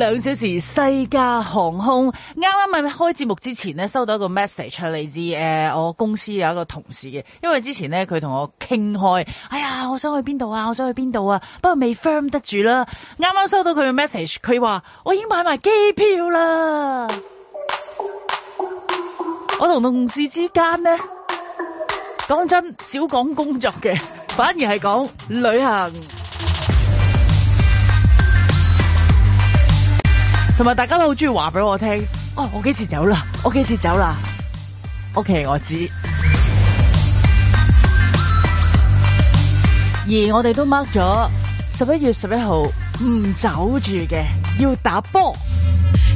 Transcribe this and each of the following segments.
兩小時西加航空，啱啱咪開節目之前咧，收到一個 message 嚟自，誒我公司有一個同事嘅。因為之前咧佢同我傾開，哎呀，我想去邊度啊，我想去邊度啊，不過未 firm 得住啦。啱啱收到佢嘅 message，佢話我已經買埋機票啦。我同同事之間咧，講真少講工作嘅，反而係講旅行。同埋大家都好中意話俾我聽，哦、oh,，我幾時走啦？我幾時走啦？OK，我知。 而我哋都 mark 咗十一月十一號唔走住嘅，要打波。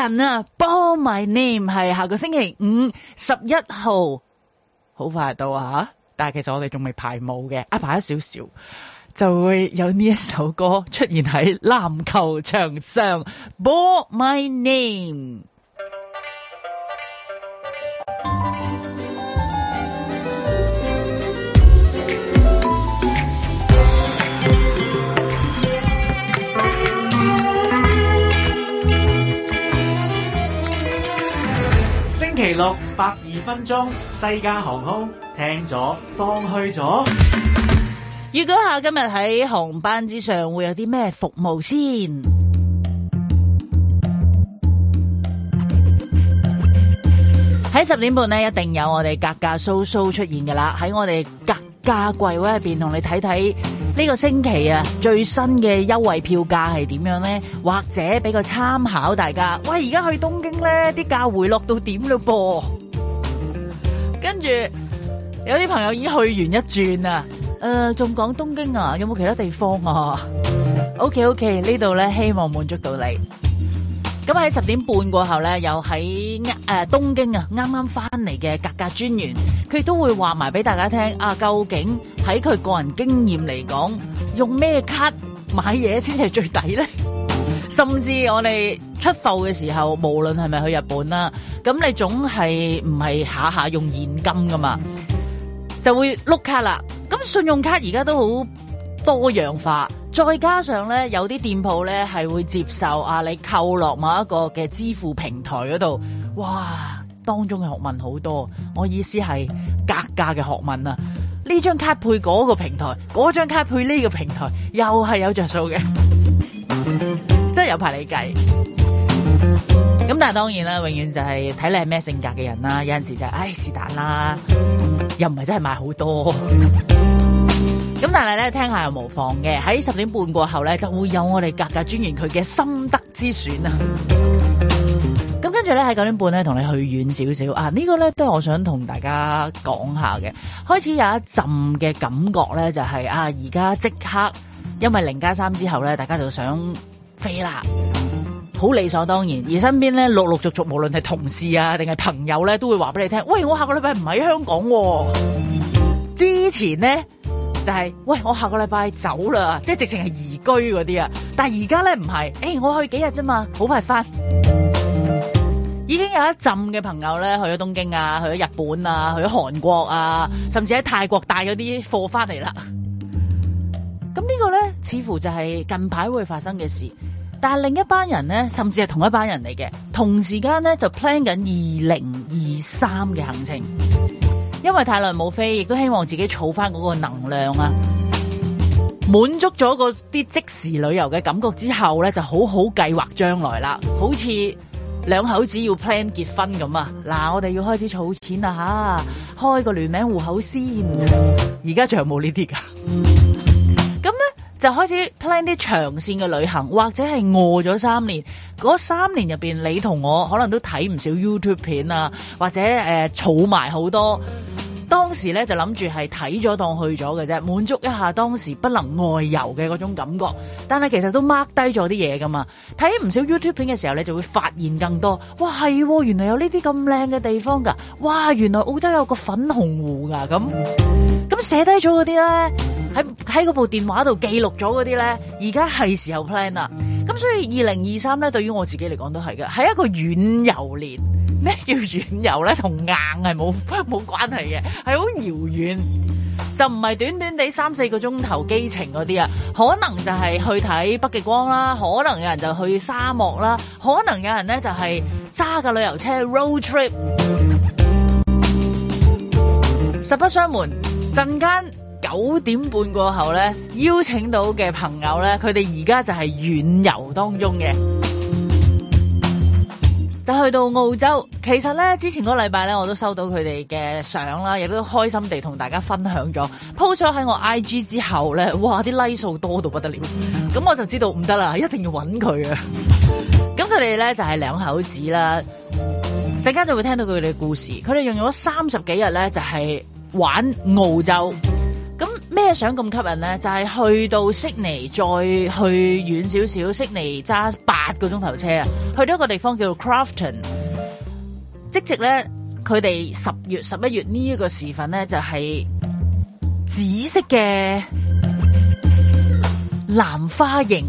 人啊，ball my name 係下個星期五十一號，好快到吓啊。但係其實我哋仲未排舞嘅，啊排一少少就會有呢一首歌出現喺籃球場上。ball my name。星期六百二分鐘，西加航空聽咗當去咗。預估下今日喺航班之上會有啲咩服務先？喺 十點半呢，一定有我哋格價蘇蘇出現㗎啦。喺我哋格價櫃位入面，同你睇睇。呢個星期啊，最新嘅優惠票價係點樣呢？或者俾個參考大家。喂，而家去東京呢啲價回落到點嘞噃？跟住有啲朋友已經去完一轉喇，誒、呃，仲講東京啊，有冇其他地方啊？OK OK，呢度呢希望滿足到你。咁喺十點半過後咧，又喺誒東京啊，啱啱翻嚟嘅格價專員，佢都會話埋俾大家聽啊，究竟喺佢個人經驗嚟講，用咩卡買嘢先係最抵咧？甚至我哋出埠嘅時候，無論係咪去日本啦，咁你總係唔係下下用現金噶嘛，就會碌卡啦。咁信用卡而家都好。多樣化，再加上呢，有啲店鋪呢係會接受啊你扣落某一個嘅支付平台嗰度，哇，當中嘅學問好多。我意思係格價嘅學問啊，呢張卡配嗰個平台，嗰張卡配呢個平台，又係有着數嘅，真係有排你計。咁但係當然啦，永遠就係睇你係咩性格嘅人啦。有陣時就係，唉是但啦，又唔係真係買好多。 咁但係咧，聽下又無妨嘅，喺十點半過後咧就會有我哋格價專員佢嘅心得之選啊！咁跟住咧喺九點半咧同你去遠少少啊！這個、呢個咧都係我想同大家講下嘅。開始有一陣嘅感覺咧，就係、是、啊而家即刻因為零加三之後咧，大家就想飛啦，好理所當然。而身邊咧陸陸續續無論係同事啊定係朋友咧，都會話俾你聽：，喂，我下個禮拜唔喺香港、啊。之前咧。就係、是，喂，我下個禮拜走啦，即係直情係移居嗰啲啊。但係而家咧唔係，誒，我去幾日啫嘛，好快翻。 已經有一浸嘅朋友咧去咗東京啊，去咗日本啊，去咗韓國啊，甚至喺泰國帶咗啲貨翻嚟啦。咁 呢個咧，似乎就係近排會發生嘅事。但係另一班人咧，甚至係同一班人嚟嘅，同時間咧就 plan 緊二零二三嘅行程。因為太耐冇飛，亦都希望自己儲翻嗰個能量啊，滿足咗嗰啲即時旅遊嘅感覺之後咧，就好好計劃將來啦。好似兩口子要 plan 結婚咁啊，嗱，我哋要開始儲錢啊吓，開個聯名戶口先。而家仲有冇呢啲噶？就開始 plan 啲長線嘅旅行，或者係餓咗三年，嗰三年入邊，你同我可能都睇唔少 YouTube 片啊，或者誒儲埋好多。當時咧就諗住係睇咗當去咗嘅啫，滿足一下當時不能外遊嘅嗰種感覺。但係其實都 mark 低咗啲嘢噶嘛。睇唔少 YouTube 片嘅時候，呢，就會發現更多。哇，係、哦，原來有呢啲咁靚嘅地方㗎。哇，原來澳洲有個粉紅湖㗎。咁咁寫低咗嗰啲咧，喺喺嗰部電話度記錄咗嗰啲咧，而家係時候 plan 啦。咁所以二零二三咧，對於我自己嚟講都係嘅，係一個遠遊年。咩叫遠遊咧？同硬係冇冇關係嘅，係好遙遠，就唔係短短地三四個鐘頭機程嗰啲啊。可能就係去睇北極光啦，可能有人就去沙漠啦，可能有人咧就係揸個旅遊車 road trip。實不相瞞，陣間。九點半過後咧，邀請到嘅朋友咧，佢哋而家就係遠遊當中嘅，就去到澳洲。其實咧，之前嗰個禮拜咧，我都收到佢哋嘅相啦，亦都開心地同大家分享咗，鋪咗喺我 IG 之後咧，哇，啲 like 數多到不得了，咁、mm-hmm. 我就知道唔得啦，一定要揾佢啊。咁佢哋咧就係、是、兩口子啦，陣間就會聽到佢哋嘅故事。佢哋用咗三十幾日咧，就係、是、玩澳洲。咩相咁吸引咧？就係、是、去到悉尼，再去遠少少，悉尼揸八個鐘頭車啊，去到一個地方叫做 Crafton 即係咧，佢哋十月十一月呢一個時份咧，就係、是、紫色嘅藍花楹，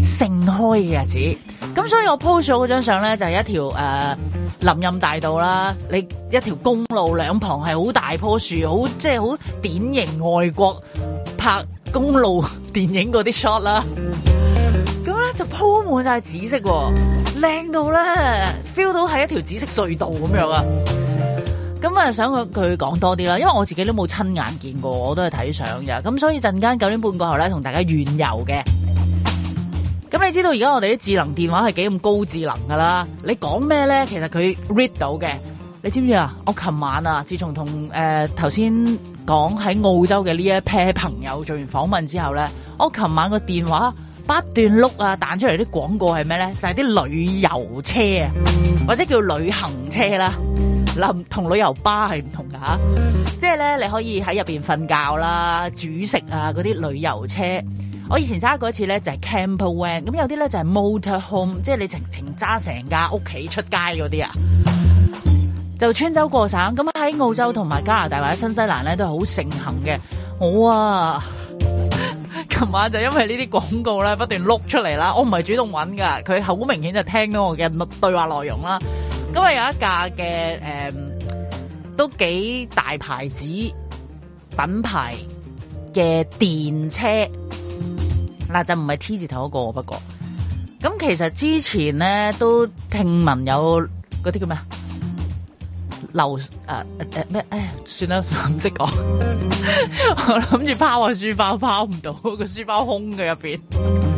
盛開嘅日子。咁所以我 po 咗嗰張相咧就係、是、一條誒、呃、林蔭大道啦，你一條公路兩旁係好大棵樹，好即係好典型外國拍公路電影嗰啲 shot 啦。咁 咧就鋪滿晒紫色，靚到咧 feel 到係一條紫色隧道咁樣啊！咁啊想佢佢講多啲啦，因為我自己都冇親眼見過，我都係睇相嘅。咁所以陣間九點半過後咧，同大家遠遊嘅。咁你知道而家我哋啲智能電話係幾咁高智能㗎啦？你講咩咧？其實佢 read 到嘅。你知唔知啊？我琴晚啊，自從同誒頭先講喺澳洲嘅呢一 pair 朋友做完訪問之後咧，我琴晚個電話不斷碌啊，彈出嚟啲廣告係咩咧？就係啲旅遊車啊，或者叫旅行車啦。嗱，同旅遊巴係唔同㗎，即係咧，你可以喺入面瞓覺啦、煮食啊，嗰啲旅遊車。我以前揸過一次咧，就係 campervan，咁有啲咧就係 motorhome，即係你情情揸成架屋企出街嗰啲啊，就穿州過省。咁喺澳洲同埋加拿大或者新西蘭咧都係好盛行嘅。我啊，琴晚就因為呢啲廣告咧不斷碌出嚟啦，我唔係主動揾㗎，佢好明顯就聽到我嘅對話內容啦。咁啊，有一架嘅誒、嗯、都幾大牌子品牌嘅電車。嗱，就唔係 T 字頭嗰個，不過咁其實之前咧都聽聞有嗰啲叫咩啊流誒誒咩誒，算啦唔識講， 我諗住拋個書包，拋唔到個書包空嘅入邊。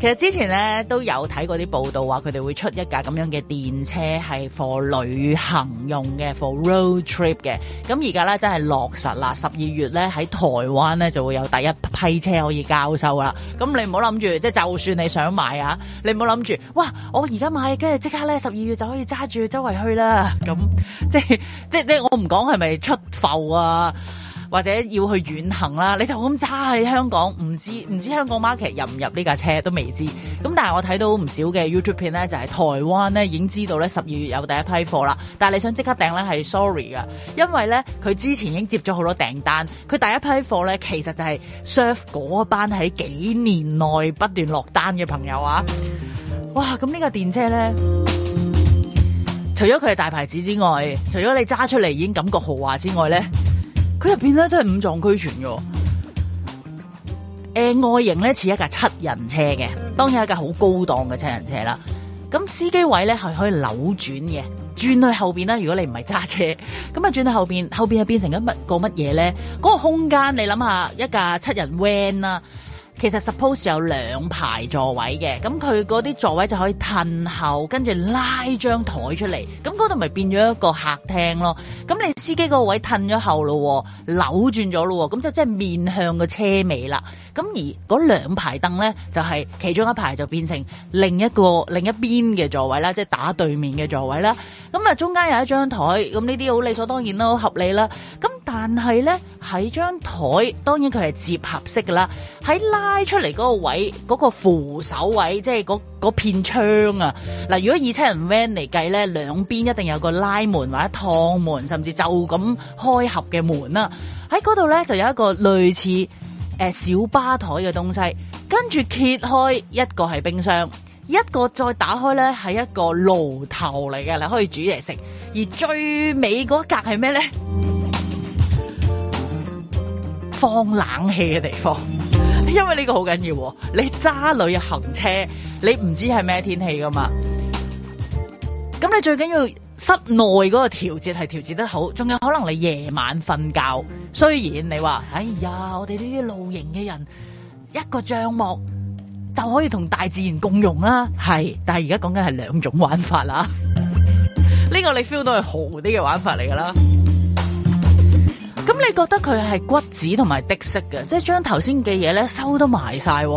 其實之前咧都有睇過啲報道話，佢哋會出一架咁樣嘅電車係 for 旅行用嘅，for road trip 嘅。咁而家咧真係落實啦，十二月咧喺台灣咧就會有第一批車可以交收啦。咁你唔好諗住，即係就算你想買啊，你唔好諗住，哇！我而家買，跟住即刻咧十二月就可以揸住周圍去啦。咁即係即係即係，我唔講係咪出埠啊？或者要去遠行啦，你就咁揸喺香港，唔知唔知香港 market 入唔入呢架車都未知。咁但係我睇到唔少嘅 YouTube 片咧，就係台灣咧已經知道咧十二月有第一批貨啦。但係你想即刻訂咧，係 sorry 噶，因為咧佢之前已經接咗好多訂單，佢第一批貨咧其實就係 serve 嗰班喺幾年內不斷落單嘅朋友啊！哇！咁呢架電車咧，除咗佢係大牌子之外，除咗你揸出嚟已經感覺豪華之外咧。佢入邊咧真係五臟俱全嘅，誒、呃，外形咧似一架七人車嘅，當然係一架好高檔嘅七人車啦。咁司機位咧係可以扭轉嘅，轉去後邊咧，如果你唔係揸車，咁啊轉去後邊，後邊啊變成咗乜個乜嘢咧？嗰、那個空間你諗下，一架七人 van 啦、啊。其實 suppose 有兩排座位嘅，咁佢嗰啲座位就可以褪後，跟住拉一張台出嚟，咁嗰度咪變咗一個客廳咯。咁你司機個位褪咗後咯，扭轉咗咯，咁就即係面向個車尾啦。咁而嗰兩排凳呢，就係、是、其中一排就變成另一個另一邊嘅座位啦，即係打對面嘅座位啦。咁啊，中間有一張台，咁呢啲好理所當然啦，好合理啦。咁但係呢，喺張台當然佢係接合式嘅啦，喺拉出嚟嗰個位嗰、那個扶手位，即係嗰嗰片窗啊。嗱，如果以七人 van 嚟計呢，兩邊一定有一個拉門或者趟門，甚至就咁開合嘅門啦。喺嗰度呢，就有一個類似。誒、欸，小吧台嘅東西，跟住揭開一個係冰箱，一個再打開咧係一個爐頭嚟嘅，你可以煮嘢食。而最尾嗰一格係咩咧？放冷氣嘅地方， 因為呢個好緊要、啊。你揸旅行車，你唔知係咩天氣噶嘛。咁你最緊要室內嗰個調節係調節得好，仲有可能你夜晚瞓覺。雖然你話，哎呀，我哋呢啲露營嘅人一個帳幕就可以同大自然共用啦。係，但係而家講緊係兩種玩法啦。呢 個你 feel 到係好啲嘅玩法嚟噶啦。咁 你覺得佢係骨子同埋的式嘅，即係將頭先嘅嘢咧收得埋晒。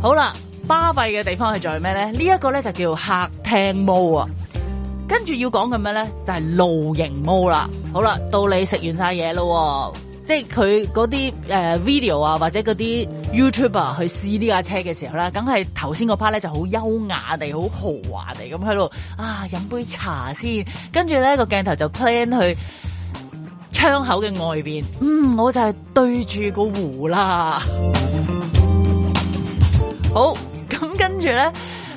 好啦，巴閉嘅地方係做咩咧？這個、呢一個咧就叫客廳 mode 啊。跟住要講嘅咩咧就係露營毛啦。好啦，到你食完晒嘢咯，即係佢嗰啲誒 video 啊，或者嗰啲 YouTuber 去試呢架車嘅時候咧，梗係頭先嗰 part 咧就好優雅地、好豪華地咁喺度啊，飲杯茶先。跟住咧個鏡頭就 plan 去窗口嘅外邊。嗯，我就係對住個湖啦。好，咁跟住咧。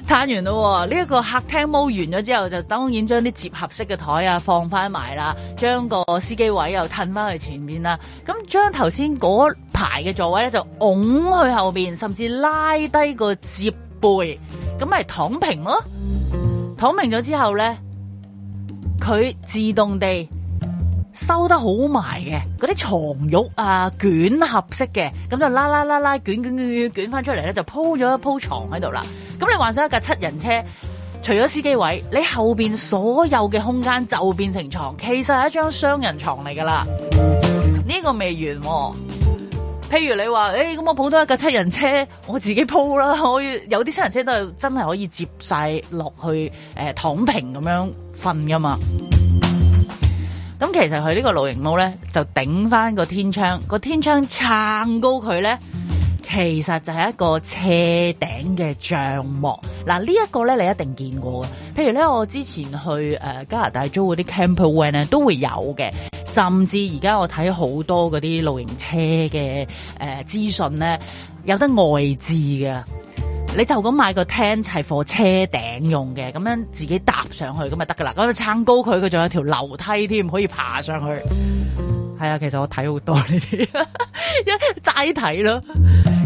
攤完咯，呢一個客廳踎完咗之後，就當然將啲摺合式嘅枱啊放翻埋啦，將個司機位又褪翻去前面啦。咁將頭先嗰排嘅座位咧就拱去後面，甚至拉低個摺背，咁咪躺平咯。躺平咗之後咧，佢自動地收得好埋嘅嗰啲床褥啊，捲合式嘅，咁就拉拉拉拉，捲卷卷卷捲翻出嚟咧，就鋪咗一鋪床喺度啦。咁你幻想一架七人車，除咗司機位，你後邊所有嘅空間就變成床，其實係一張雙人床嚟噶啦。呢，這個未完，哦，譬如你話，誒、哎，咁我普通一架七人車，我自己鋪啦。我有啲七人車都係真係可以接晒落去，誒、呃，躺平咁樣瞓噶嘛。咁其實佢呢個露營帽咧，就頂翻個天窗，個天窗撐高佢咧。其實就係一個車頂嘅帳幕，嗱，呢一個咧你一定見過嘅。譬如咧，我之前去誒、呃、加拿大租嗰啲 campervan 咧都會有嘅。甚至而家我睇好多嗰啲露營車嘅誒、呃、資訊咧，有得外置嘅。你就咁買個 tent 砌喺車頂用嘅，咁樣自己搭上去咁咪得噶啦。咁撐高佢，佢仲有一條樓梯添，可以爬上去。係 啊，其實我睇好多呢啲，一齋睇咯。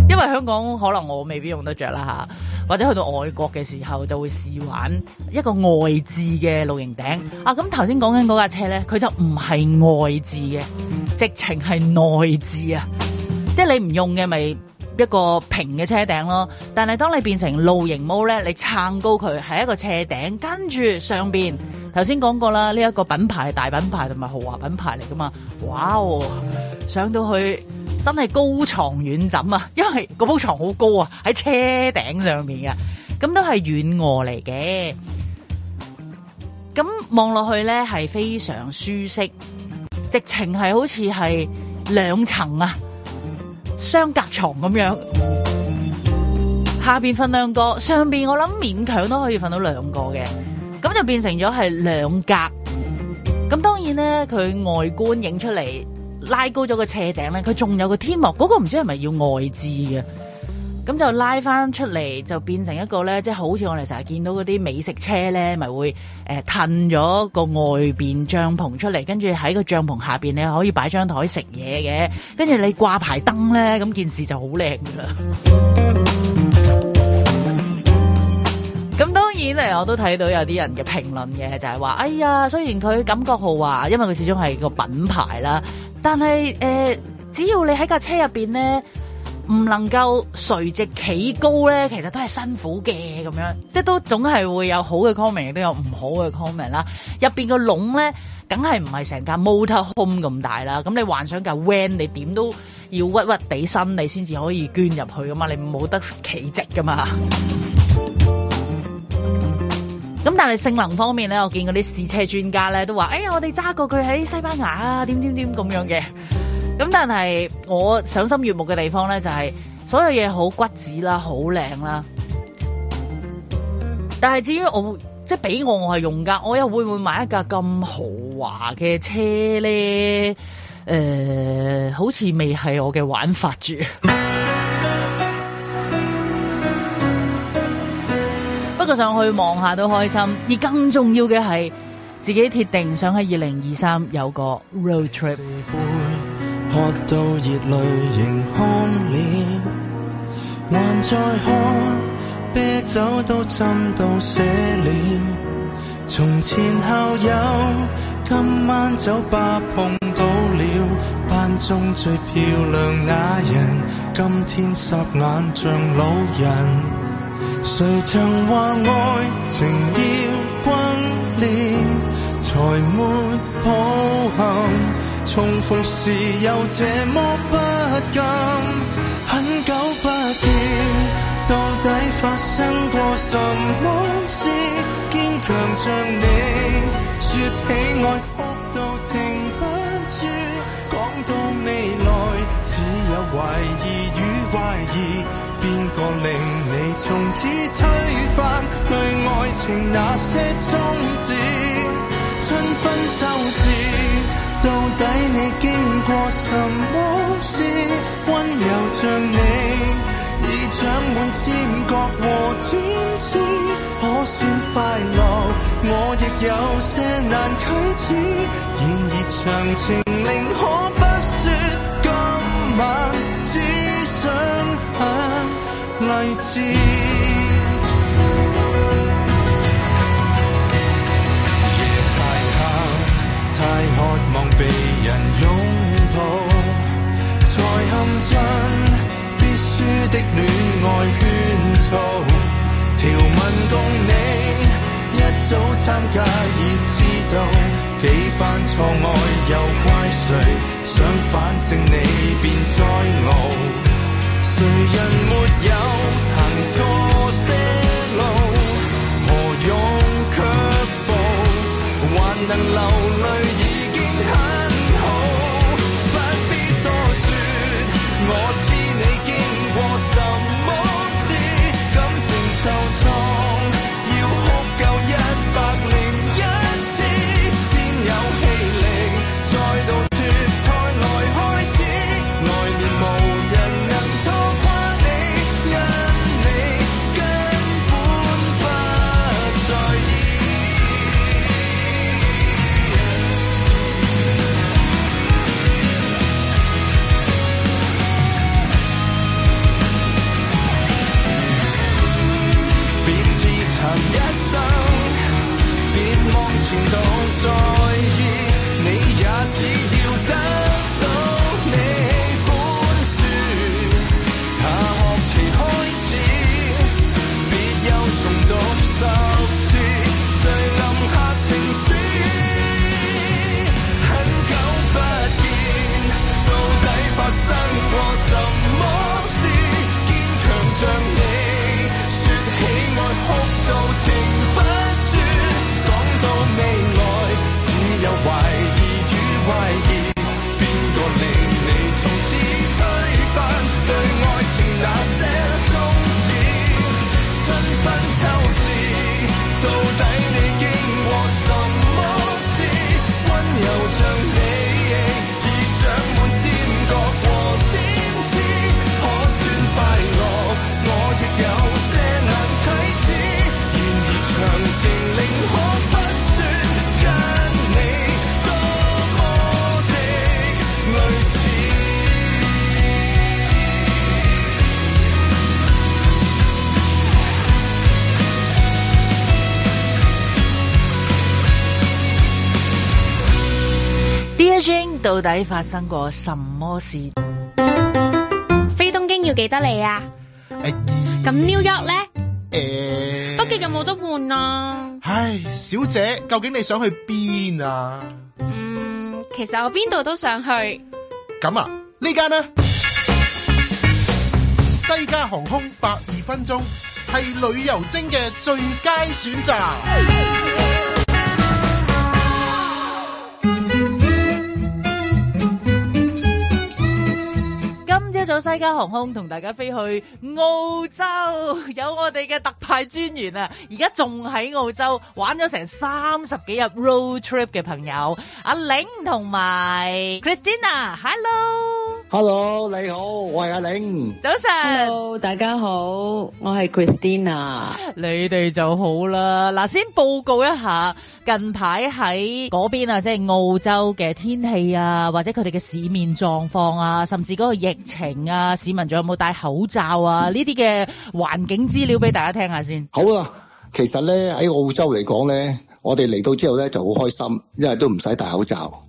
因為香港可能我未必用得着啦，吓，或者去到外國嘅時候就會試玩一個外置嘅露營頂啊。咁頭先講緊嗰架車呢，佢就唔係外置嘅，直情係內置啊。即係你唔用嘅咪一個平嘅車頂咯，但係當你變成露營模呢，你撐高佢係一個車頂，跟住上邊頭先講過啦，呢一個品牌大品牌同埋豪華品牌嚟噶嘛，哇哦，上到去。真係高床軟枕啊，因為個鋪床好高啊，喺車頂上面啊嘅，咁都係軟臥嚟嘅。咁望落去咧，係非常舒適，直情係好似係兩層啊，雙隔床咁樣。下邊瞓兩個，上邊我諗勉強都可以瞓到兩個嘅，咁就變成咗係兩格。咁當然咧，佢外觀影出嚟。拉高咗個斜頂咧，佢仲有個天幕，嗰、那個唔知係咪要外置嘅？咁就拉翻出嚟，就變成一個咧，即、就、係、是，好似我哋成日見到嗰啲美食車咧，咪會誒褪咗個外邊帳篷出嚟，跟住喺個帳篷下邊咧，可以擺張台食嘢嘅，跟住你掛牌燈咧，咁件事就好靚噶啦。咁 當然誒，我都睇到有啲人嘅評論嘅，就係、是、話，哎呀，雖然佢感覺豪華，因為佢始終係個品牌啦。但係誒、呃，只要你喺架車入面咧，唔能夠垂直企高咧，其實都係辛苦嘅咁樣，即係都總係會有好嘅 comment，亦都有唔好嘅 comment 啦。入面呢個籠咧，梗係唔係成架 motorhome 咁大啦？咁你幻想架 van，你點都要屈屈地身，你先至可以捐入去㗎嘛？你冇得企直㗎嘛？咁但係性能方面咧，我見嗰啲試車專家咧都話，哎呀，我哋揸過佢喺西班牙啊，點點點咁樣嘅。咁但係我賞心悅目嘅地方咧，就係，就係所有嘢好骨子啦，好靚啦。但係至於我即係俾我，我係用家，我又會唔會買一架咁豪華嘅車咧，呃？好似未係我嘅玩法住。 不過上去望下都開心，而更重要嘅係自己鐵定想喺二零二三有個 road trip。誰曾話愛情要轟烈才沒抱憾？重逢時又這麼不甘。很久不見，到底發生過什麼事？堅強像你，說起愛哭到停不住，講到未來只有懷疑與懷疑，邊個令？從此推翻對愛情那些宗旨，春分秋至，到底你經過什麼事？温柔像你，已長滿尖角和尖刺，可算快樂？我亦有些難啟齒。然而詳情，寧可不說，今晚只想。啊例子。夜太黑，太渴望被人擁抱，才陷進必輸的戀愛圈套。條文共你一早參加已知道，幾番錯愛又怪誰？想反勝你便再傲。誰人沒有行錯些路？何用卻步？還能流淚已經很好，不必多說。我知你經過什麼事，感情受挫。到底發生過什麼事？飛東京要幾得嚟啊？咁 New York 咧？誒、欸，北京有冇得換啊？唉，小姐，究竟你想去邊啊？嗯，其實我邊度都想去。咁啊，呢間呢 西加航空百二分鐘，係旅遊精嘅最佳選擇。 西加航空同大家飛去澳洲，有我哋嘅特派專員啊！而家仲喺澳洲玩咗成三十幾日 road trip 嘅朋友，阿玲同埋 Christina，hello。Hello，你好，我係阿玲。早晨，Hello，大家好，我係 Christina。你哋就好啦。嗱，先報告一下近排喺嗰邊啊，即係澳洲嘅天氣啊，或者佢哋嘅市面狀況啊，甚至嗰個疫情啊，市民仲有冇戴口罩啊？呢啲嘅環境資料俾大家聽下先。好啊，其實咧喺澳洲嚟講咧，我哋嚟到之後咧就好開心，因為都唔使戴口罩，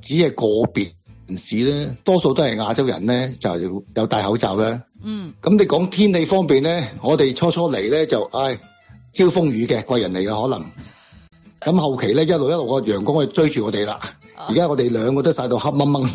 只係個別。 城市咧多數都係亞洲人咧，就有戴口罩啦。嗯，咁你講天氣方面咧？我哋初初嚟咧就唉、哎，招風雨嘅貴人嚟嘅可能。咁 後期咧一路一路個陽光去追住我哋啦。而、啊、家我哋兩個都曬到黑掹掹。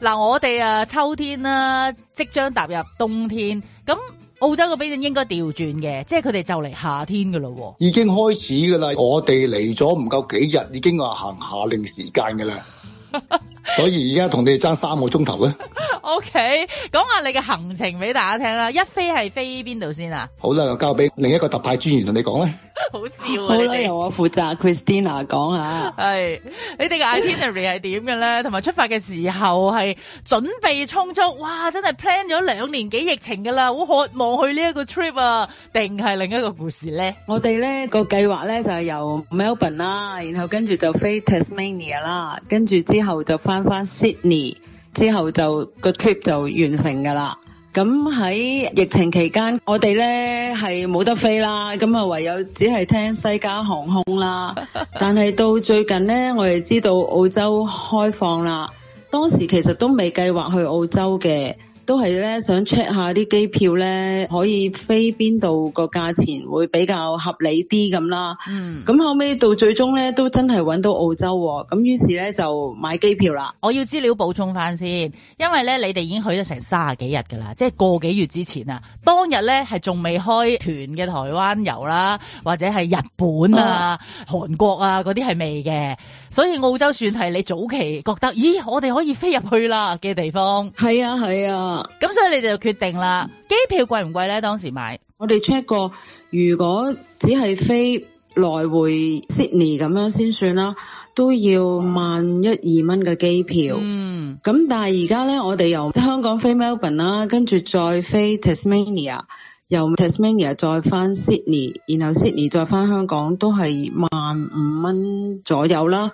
嗱， 我哋啊秋天啦、啊，即將踏入冬天。咁澳洲嘅邊陣應該調轉嘅，即係佢哋就嚟夏天㗎啦喎。已經開始㗎啦，我哋嚟咗唔夠幾日已經話行夏令時間㗎啦。 所以而家同你哋爭三個鐘頭咧。OK，講下你嘅行程俾大家聽啦。一飛係飛邊度先啊？好啦，又交俾另一個特派專員同你講啦。好笑啊！好啦，由我負責 Christina 說說。Christina 講下。係，你哋嘅 itinerary 係點嘅咧？同 埋出發嘅時候係準備充足，哇！真係 plan 咗兩年幾疫情噶啦，好渴望去呢一個 trip 啊，定係另一個故事咧？ 我哋咧、呢個計劃咧就係、是、由 Melbourne 啦，然後跟住就飛 Tasmania 啦，跟住之後就翻翻返 Sydney 之後就個 trip 就完成㗎啦。咁喺疫情期間，我哋咧係冇得飛啦。咁啊唯有只係聽西加航空啦。但係到最近咧，我哋知道澳洲開放啦。當時其實都未計劃去澳洲嘅。都係咧，想 check 下啲機票咧，可以飛邊度個價錢會比較合理啲咁啦。嗯，咁後尾到最終咧，都真係揾到澳洲，咁於是咧就買機票啦。我要資料補充翻先，因為咧你哋已經去咗成三十幾日㗎啦，即係個幾月之前啊，當日咧係仲未開團嘅台灣遊啦，或者係日本啊，啊、韓國啊嗰啲係未嘅，所以澳洲算係你早期覺得，咦我哋可以飛入去啦嘅地方。係啊，係啊。咁所以你哋就決定啦。機票貴唔貴咧？當時買，我哋 check 過，如果只係飛來回 Sydney 咁樣先算啦，都要萬一二蚊嘅機票。嗯。咁但係而家咧，我哋由香港飛 Melbourne 啦，跟住再飛 Tasmania，由 Tasmania 再返 Sydney，然後 Sydney 再返香港，都係萬五蚊左右啦。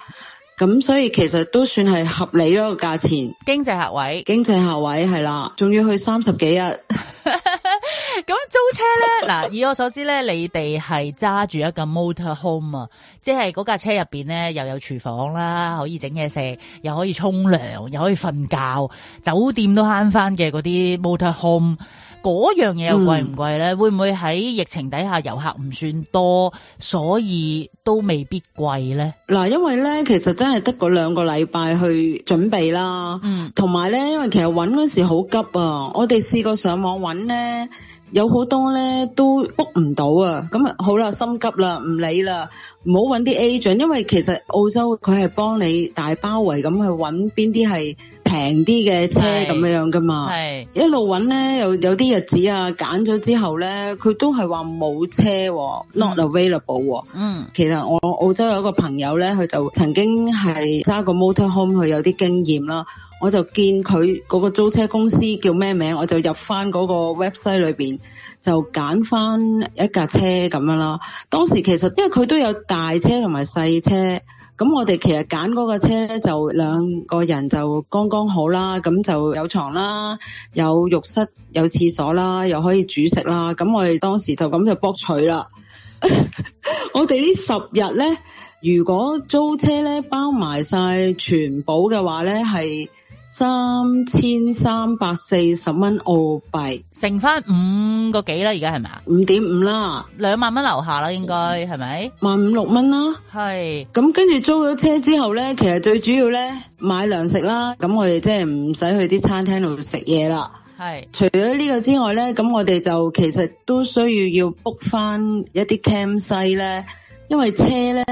咁所以其實都算係合理囉，這個價錢，經濟客位，經濟客位係啦，仲要去三十幾日，咁 租車咧，嗱 以我所知咧，你哋係揸住一個 motor home 啊，即係嗰架車入邊咧又有廚房啦，可以整嘢食，又可以沖涼，又可以瞓覺，酒店都慳翻嘅嗰啲 motor home。嗰樣嘢又貴唔貴呢？嗯、會唔會喺疫情底下遊客唔算多，所以都未必貴呢？嗱，因為呢，其實真係得嗰兩個禮拜去準備啦。嗯，同埋呢，因為其實揾嗰時好急啊！我哋試過上網揾呢，有好多呢都 book 唔到啊！咁啊，好啦，心急啦，唔理啦，唔好揾啲 agent，因為其實澳洲佢係幫你大包圍咁去揾邊啲係。平啲嘅車咁樣㗎噶嘛，係一路揾咧，又有啲日子啊，揀咗之後咧，佢都係話冇車、嗯、not available。嗯，其實我澳洲有一個朋友咧，佢就曾經係揸個 motorhome，佢有啲經驗啦。我就見佢嗰個租車公司叫咩名，我就入翻嗰個 website 裏面，就揀翻一架車咁樣啦。當時其實因為佢都有大車同埋細車。咁我哋其實揀嗰個車咧，就兩個人就剛剛好啦，咁就有床啦，有浴室、有廁所啦，又可以煮食啦。咁我哋當時就咁就博取啦。 我哋呢十日咧，如果租車咧包埋曬全保嘅話咧，係。三千三百四十蚊澳幣，乘翻五個幾啦，而家係咪啊？五點五啦，兩萬蚊樓下啦，應該係咪？萬五六蚊啦，係。咁跟住租咗車之後咧，其實最主要咧買糧食啦，咁我哋即係唔使去啲餐廳度食嘢啦。係。除咗呢個之外咧，咁我哋就其實都需要要 book 翻一啲 campsite 咧。因為車咧，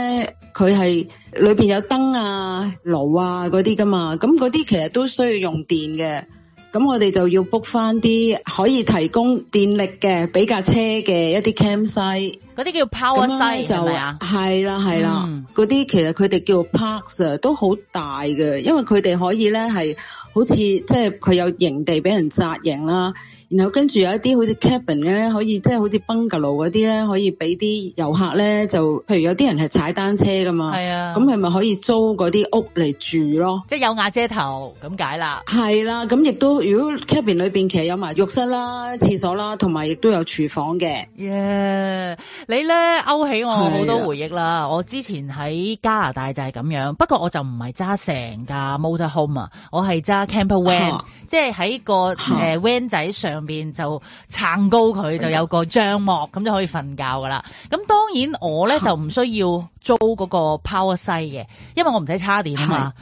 佢係裏邊有燈啊、爐啊嗰啲噶嘛，咁嗰啲其實都需要用電嘅，咁我哋就要 book 翻啲可以提供電力嘅，俾架車嘅一啲 campsite。嗰啲叫 power site，係啦，係啦，嗰啲、嗯、其實佢哋叫做 parks 都好大嘅，因為佢哋可以咧係好似，即係佢有營地俾人紮營啦，然後跟住有一啲好似 cabin 咧可以即係好似 Bungalow 嗰啲咧可以俾啲遊客咧，就譬如有啲人係踩單車噶嘛，係啊，咁係咪可以租嗰啲屋嚟住咯？即係有瓦遮頭咁解啦。係啦，咁亦都如果 cabin 裏面其實有埋浴室啦、廁所啦，同埋亦都有廚房嘅。Yeah 你咧勾起我好多回憶啦！我之前喺加拿大就係咁樣，不過我就唔係揸成架 motorhome van，啊，我係揸 campervan，即係喺個誒、啊、van 仔上邊就撐高佢，就有個帳幕咁就可以瞓覺噶啦。咁當然我咧、啊、就唔需要租嗰個 power site 嘅，因為我唔使叉電啊嘛。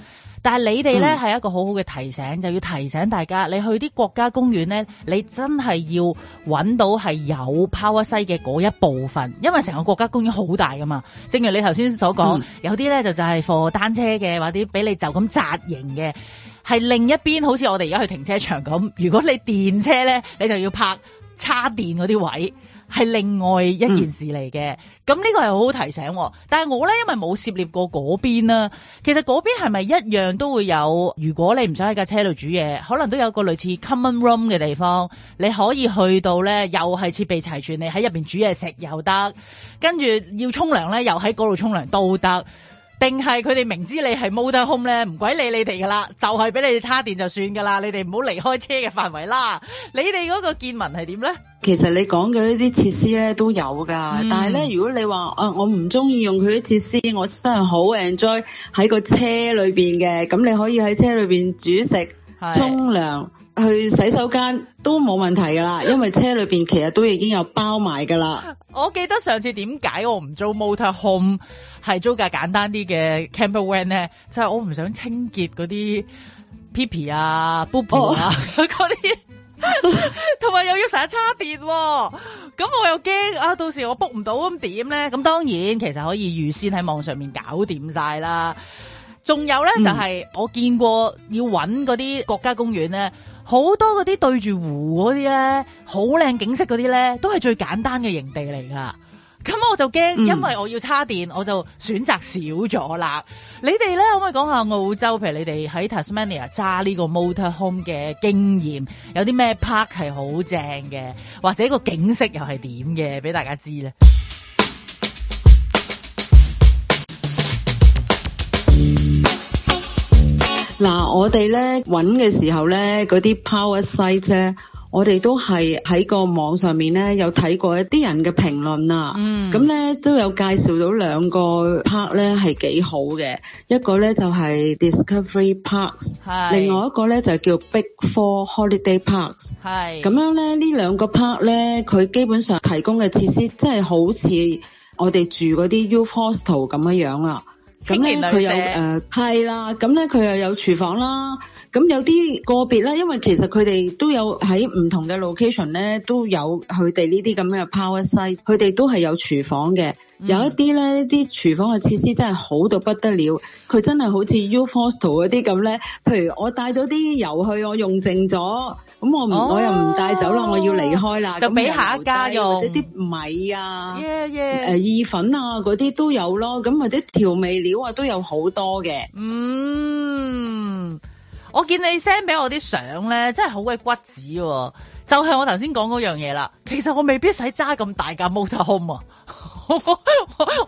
但係你哋咧，係一個很好好嘅提醒、嗯，就要提醒大家，你去啲國家公園咧，你真係要揾到係有 power 西嘅嗰一部分，因為成個國家公園好大噶嘛。正如你頭先所講、嗯，有啲咧就就係貨單車嘅，或者俾你就咁紮型嘅，係另一邊好似我哋而家去停車場咁。如果你電車咧，你就要拍叉電嗰啲位。係另外一件事嚟嘅，咁、嗯、呢個係好好提醒喎。但係我呢，因為冇涉獵過嗰邊啦，其實嗰邊係咪一樣都會有？如果你唔想喺架車度煮嘢，可能都有一個類似 common room 嘅地方，你可以去到呢又係設備齊全，你喺入邊煮嘢食又得，跟住要沖涼呢，又喺嗰度沖涼都得。定係佢哋明知你係 Motor Home 咧，唔鬼理你哋噶啦，就係、是、俾你哋叉電就算噶啦，你哋唔好離開車嘅範圍啦。你哋嗰個見聞係點咧？其實你講嘅呢啲設施咧都有㗎、嗯，但係咧，如果你話啊、呃，我唔中意用佢啲設施，我真係好 enjoy 喺個車裏邊嘅。咁你可以喺車裏邊煮食。沖涼去洗手間都冇問題噶啦，因為車裏邊其實都已經有包埋噶啦。 我記得上次點解我唔租 motor home，係租一架簡單啲嘅 campervan 咧，就係、是、我唔想清潔嗰啲 peepee 啊、boo 啊嗰啲，同埋、啊啊、 又要成日叉電，咁我又驚啊，到時我 book 唔到咁點咧？咁當然其實可以預先喺網上面搞掂晒啦。仲有咧、嗯，就係、是、我見過要搵嗰啲國家公園咧，好多嗰啲對住湖嗰啲咧，好靚景色嗰啲咧，都係最簡單嘅營地嚟噶。咁我就驚，因為我要叉電、嗯，我就選擇少咗啦。你哋咧可唔可以講下澳洲？譬如你哋喺 Tasmania 揸呢個 motor home 嘅經驗，有啲咩 park 係好正嘅，或者個景色又係點嘅，俾大家知咧。嗱，我哋咧揾嘅時候咧，嗰啲 power site 啫，我哋都係喺個網上面咧有睇過一啲人嘅評論啦。嗯，咁咧都有介紹到兩個 park 咧係幾好嘅，一個咧就係、係、Discovery Parks，係另外一個咧就叫 Big Four Holiday Parks，係。咁樣咧呢兩個 park 咧，佢基本上提供嘅設施，真係好似我哋住嗰啲 youth hostel 咁嘅樣啊！咁咧佢有誒係、呃、啦，咁咧佢又有廚房啦。咁有啲個別咧，因為其實佢哋都有喺唔同嘅 location 咧，都有佢哋呢啲咁樣嘅 power site，佢哋都係有廚房嘅。嗯、有一啲咧，啲廚房嘅設施真係好到不得了，佢真係好似 U f o s t 嗰啲咁咧。譬如我帶咗啲油去，我用淨咗，咁我唔、哦、我又唔帶走啦，我要離開啦，就俾下一家用。油油或者啲米啊，誒、yeah, yeah. 呃、意粉啊嗰啲都有咯，咁或者調味料啊都有好多嘅。嗯，我見你 send 俾我啲相咧，真係好鬼骨子、哦，就係、是、我頭先講嗰樣嘢啦。其實我未必使揸咁大架 motorhome 啊。 我我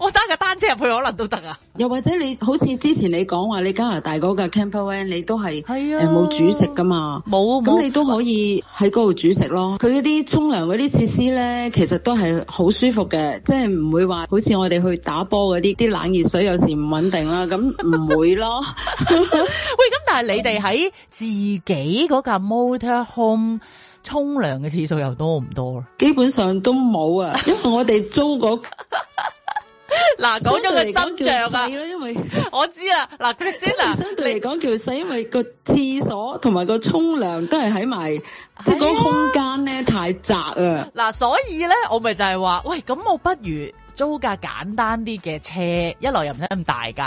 我揸架單車入去可能都得啊！又或者你好似之前你講話你加拿大嗰架 campervan，你都係啊，冇、呃、煮食噶嘛？冇，啊，咁你都可以喺嗰度煮食咯。佢嗰啲沖涼嗰啲設施咧，其實都係好舒服嘅，即係唔會話好似我哋去打波嗰啲，啲冷熱水有時唔穩定啦、啊。咁唔會咯。 喂，咁但係你哋喺自己嗰架 motorhome。沖涼嘅次數又多唔多？基本上都冇啊、 那個， 因為 我哋租嗰嗱講咗個真相啊， 因為我知啊，嗱佢先嗱相對嚟講叫細，因為個廁所同埋個沖涼都係喺埋，即係嗰個空間咧 太窄了 啊。嗱，所以咧我咪就係話，喂，咁我不如租架簡單啲嘅車，一來又唔使咁大㗎，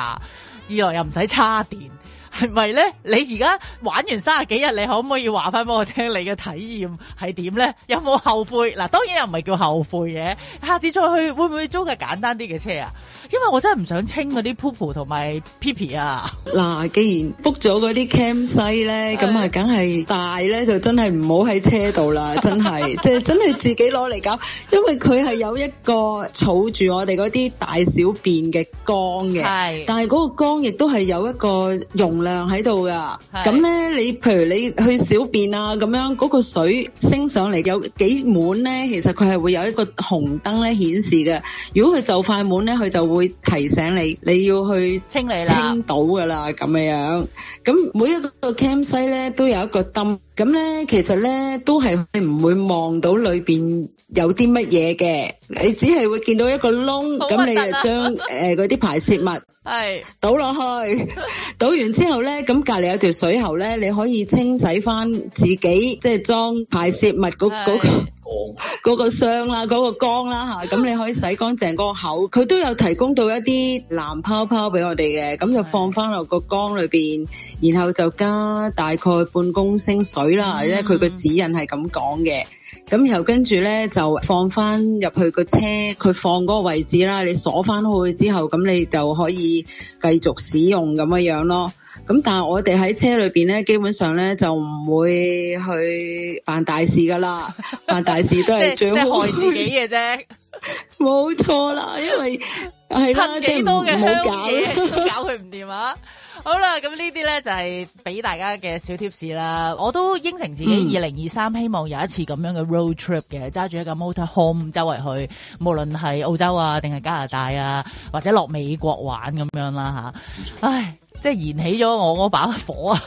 二來又唔使叉電。係咪咧？你而家玩完三十幾日，你可唔可以話翻俾我聽你嘅體驗係點咧？有冇後悔？嗱，當然又唔係叫後悔嘅，下次再去會唔會租個簡單啲嘅車啊？因為我真係唔想清啲 poop 同埋 pipi 啊！嗱，既然 book 咗啲 cam 西咧，咁、哎、啊，梗係大咧就真係唔好喺車度啦、哎哎，真係，即係真係自己攞嚟搞，因為佢係有一個儲住我哋啲大小便嘅缸嘅，係，但係個缸亦都係有一個容量喺度噶，咁咧你譬如你去小便啊咁樣、嗰個水升上嚟有幾滿咧，其實佢係會有一個紅燈咧顯示嘅。如果佢就快滿咧，佢就會。會提醒你，你要去清理啦，清島噶啦咁樣樣。咁每一個 campsite 咧，都有一個燈。咁咧，其實咧都係你唔會望到裏邊有啲乜嘢嘅，你只係會見到一個窿，咁你就將誒嗰啲排泄物係倒落去，倒完之後咧，咁隔籬有條水喉咧，你可以清洗翻自己即係裝排泄物嗰嗰個嗰個箱啦，嗰個缸啦嚇，咁你可以洗乾淨嗰個口，佢都有提供到一啲藍泡泡俾我哋嘅，咁就放翻落個缸裏邊，然後就加大概半公升水。啦、嗯，咧佢個指引係咁講嘅，咁然後跟住咧就放翻入去個車，佢放嗰個位置啦，你鎖翻去之後，咁你就可以繼續使用咁樣樣咯。咁但係我哋喺車裏邊咧，基本上咧就唔會去辦大事噶啦，辦 大事都係最 害自己嘅啫。冇錯啦，因為係 是啦， 即係唔好搞搞佢唔掂啊！好啦，咁呢啲咧就係、是、俾大家嘅小貼士啦。我都應承自己二零二三希望有一次咁樣嘅 road trip 嘅，揸、嗯、住一個 motor home 周圍去，無論係澳洲啊，定係加拿大啊，或者落美國玩咁樣啦吓、啊。唉。即係燃起咗我嗰把火啊！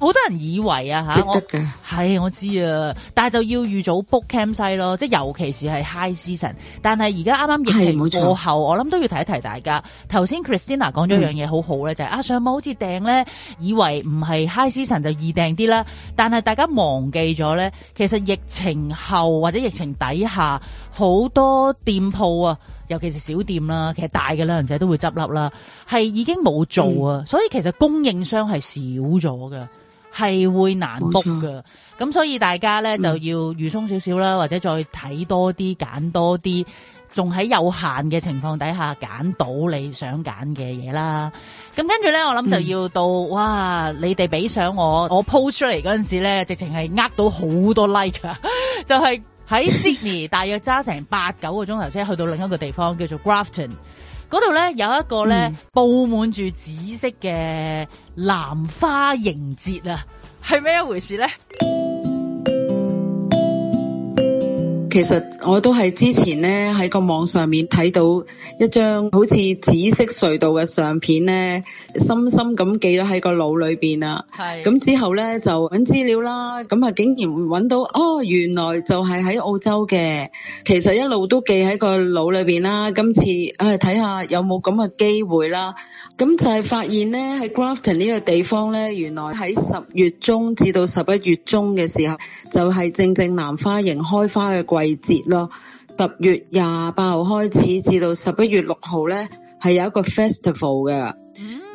好 多人以為啊嚇，值得嘅係、啊、我，我知啊，但係就要預早 book campsite 咯，即係尤其是係 high season。但係而家啱啱疫情過後，我諗都要提一提大家。頭先 Christina 講咗樣嘢好好咧，就係、是、啊，上網好似訂咧，以為唔係 high season 就易訂啲啦，但係大家忘記咗咧，其實疫情後或者疫情底下。好多店鋪啊，尤其是小店啦，其實大嘅靚仔都會執笠啦，係已經冇做啊、嗯，所以其實供應商係少咗㗎，係會難 book 㗎，咁所以大家咧就要預鬆少少啦，或者再睇多啲，揀多啲，仲喺有限嘅情況底下揀到你想揀嘅嘢啦。咁跟住咧，我諗就要到、嗯、哇，你哋俾上我，我 po 出嚟嗰陣時咧，直情係呃到好多 like 啊， 就係、是。喺 在 Sydney 大約揸成八九個鐘頭車，去到另一個地方叫做 Grafton，嗰度咧有一個咧布滿住紫色嘅藍花楹節啊，係咩一回事咧？其實我都係之前咧喺個網上面睇到一張好似紫色隧道嘅相片咧，深深咁記咗喺個腦裏邊啦。係咁之後咧就揾資料啦，咁啊竟然揾到哦，原來就係喺澳洲嘅。其實一路都記喺個腦裏邊啦。今次誒睇下有冇咁嘅機會啦。咁就係發現咧喺 Grafton 呢個地方咧，原來喺十月中至到十一月中嘅時候。就係、是，正正蘭花型開花嘅季節咯，十月廿八號開始至到十一月六號咧，係有一個 festival 嘅。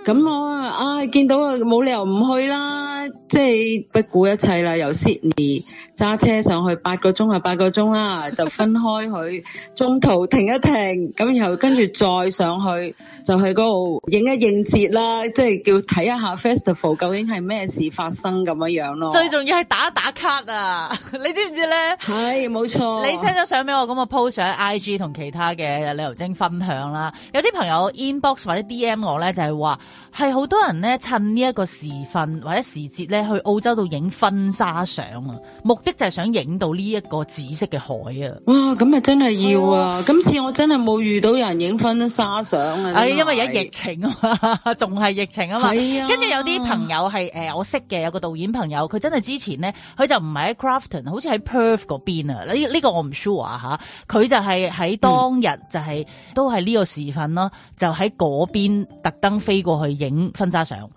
咁我啊，見到啊，冇理由唔去啦，即係不顧一切啦，由 Sydney。揸車上去八個鐘啊，八個鐘啦，就分開佢中途停一停，咁然後跟住再上去就喺嗰度影一影節啦，即係叫睇一下 festival 究竟係咩事發生咁樣樣咯。最重要係打一打卡啊， 你知唔知咧？係、哎，冇錯。你 send 咗相俾我，咁我 po 上 IG 同其他嘅旅遊精分享啦。有啲朋友 inbox 或者 DM 我咧，就係話係好多人咧趁呢一個時分或者時節咧去澳洲度影婚紗相啊，目就係、是、想影到呢一個紫色嘅海啊！哇，咁啊真係要啊、嗯！今次我真係冇遇到人影婚紗相啊！係、哎、因為而家疫情啊嘛，仲係疫情啊嘛。係啊。跟住有啲朋友係誒，我識嘅有個導演朋友，佢真係之前咧，佢就唔係喺 Crafton，好似喺 Perth 嗰邊啊。呢、這、呢個我唔 sure 吓，佢就係喺當日就係、是嗯、都係呢個時分咯，就喺嗰邊特登飛過去影婚紗相，